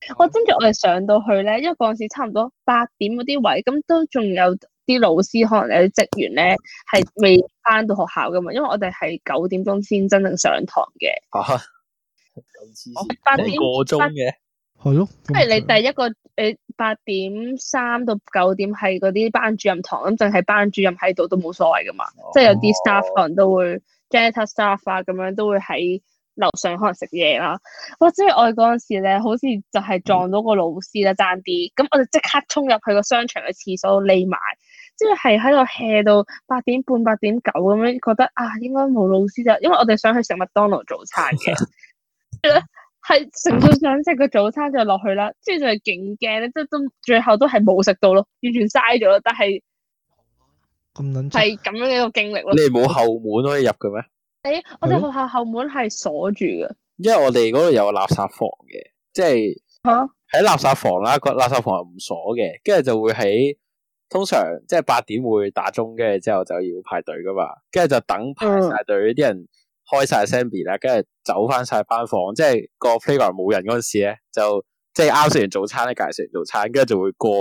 Oh. 我跟住我哋上到去咧，因為嗰陣時差唔多八點嗰啲位，咁都仲有啲老師可能有啲職員咧係未翻到學校噶嘛，因為我哋係九點鐘先真正上堂嘅。九八、oh. oh. 點八個鐘嘅。係咯，即係 你第一個，你八點三到九點係嗰啲班主任堂，咁淨係班主任喺度都冇所謂㗎嘛。即係、哦、有啲 staff 可能都會 gather staff 啊，咁樣都會喺樓上可能食嘢啦。哇、哦！即、就、係、是、我嗰陣時咧，好似就係撞到個老師啦，爭啲咁，我哋即刻衝入去個商場嘅廁所匿埋，即係喺度 hea 到八點半、八點九咁樣，覺得啊，應該冇老師就，因為我哋想去食麥當勞早餐嘅， 係到想食個早餐就落去啦，即後就係勁驚咧，即係都最後都係冇食到咯，完全嘥咗。但係咁捻係咁樣一個經歷咯。你哋冇後門可以入嘅咩？誒、欸，我哋學校後門係鎖住嘅。嗎因為我哋嗰度有垃圾房嘅，即係喺垃圾房啦，個垃圾房又唔鎖嘅，跟、就、住、是、就會喺通常即係八點會打鐘，跟住之後就要排隊噶嘛，跟住就等排晒隊啲人。嗯開晒 Sammy 啦，跟住走翻晒班房，即係個飛閣冇人嗰陣時咧，就即係啱食完早餐咧，隔食完早餐，跟住就會過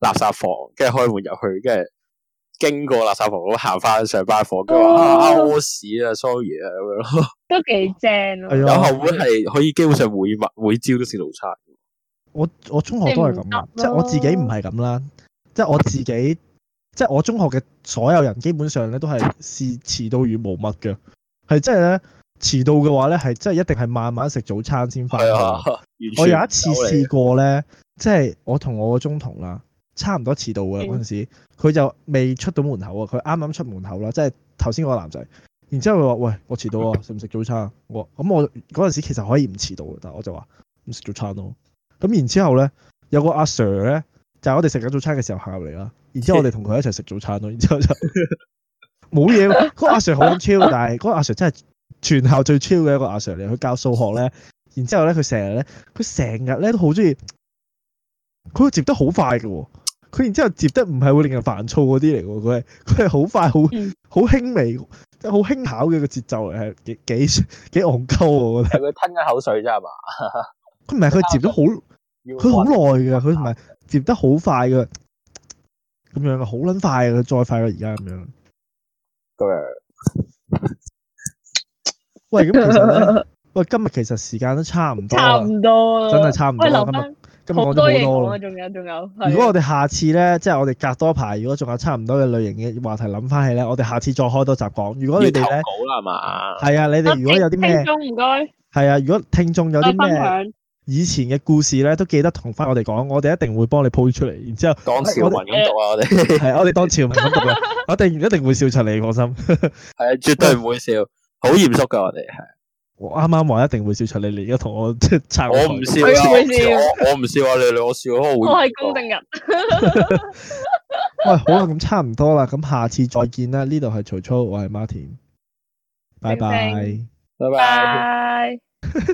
垃圾房，跟住開門入去，跟住經過垃圾房嗰度行翻上班房，佢話屙屎啊，sorry 啊咁樣咯。都幾正啊！正 有後尾係可以基本上每每朝都食早餐。我我中學都係咁，即係、啊、我自己唔係咁啦。即、就、係、是、我自己，即、就、係、是、我中學嘅所有人，基本上咧都係是,是遲到與冇乜嘅。係真係咧，遲到嘅話咧，係真係一定係慢慢食早餐先返。哎、我有一次試過咧，即係、呃、我同我個中同啦，差唔多遲到嘅嗰陣時，佢、嗯、就未出到門口啊！佢啱啱出門口啦，即係頭先嗰個男仔。然之後佢話：喂，我遲到，食唔食早餐？我咁我嗰陣時其實可以唔遲到嘅，但係我就話唔食早餐咯。咁然之後咧，有個阿 Sir 咧，就係、是、我哋食緊早餐嘅時候行入嚟啦。然之後我哋同佢一齊食早餐咯。天然之後就 ～冇嘢，嗰、那個、阿 sir 好超，但係嗰阿 sir 真係全校最超嘅一個阿 sir 嚟。佢教數學咧，然之後咧佢成日咧，佢成日咧都好中意，佢接得好快嘅喎。佢然之後接得唔係會令人煩躁嗰啲嚟喎，佢係佢係好快，好好輕微，即係好輕巧嘅個節奏，係幾幾幾戇鳩我覺得。係佢吞一口水啫嘛？佢唔係佢接得好，佢好耐嘅，佢唔係接得好快嘅，咁樣嘅好撚快嘅，再快過而家咁樣。 喂，咁其實喂，今日其實時間都差唔多啦，差唔多真係差唔多啦。今日講咗好多嘢講啊，仲有仲有如。如果我哋下次咧，即係我哋隔多排，如果仲有差唔多嘅類型嘅話題，諗翻起咧，我哋下次再開多集講。如果你哋咧，係啊，你哋如果有啲咩？係啊，如果聽眾有啲咩？以前嘅故事咧，都記得同翻我哋講，我哋一定會幫你鋪出嚟。然之後講潮文咁讀啊，我哋係我哋當潮文咁讀啊，我哋一定會笑出你放心。係啊，絕對唔會笑，好嚴肅㗎，我哋係。我啱啱話一定會笑出嚟，你而家同我拆我唔笑啊！我唔笑啊，你你我笑，我係公證人。喂，好啦，咁差唔多啦，咁下次再見啦。呢度係曹操，我係 Martin，拜拜，拜拜。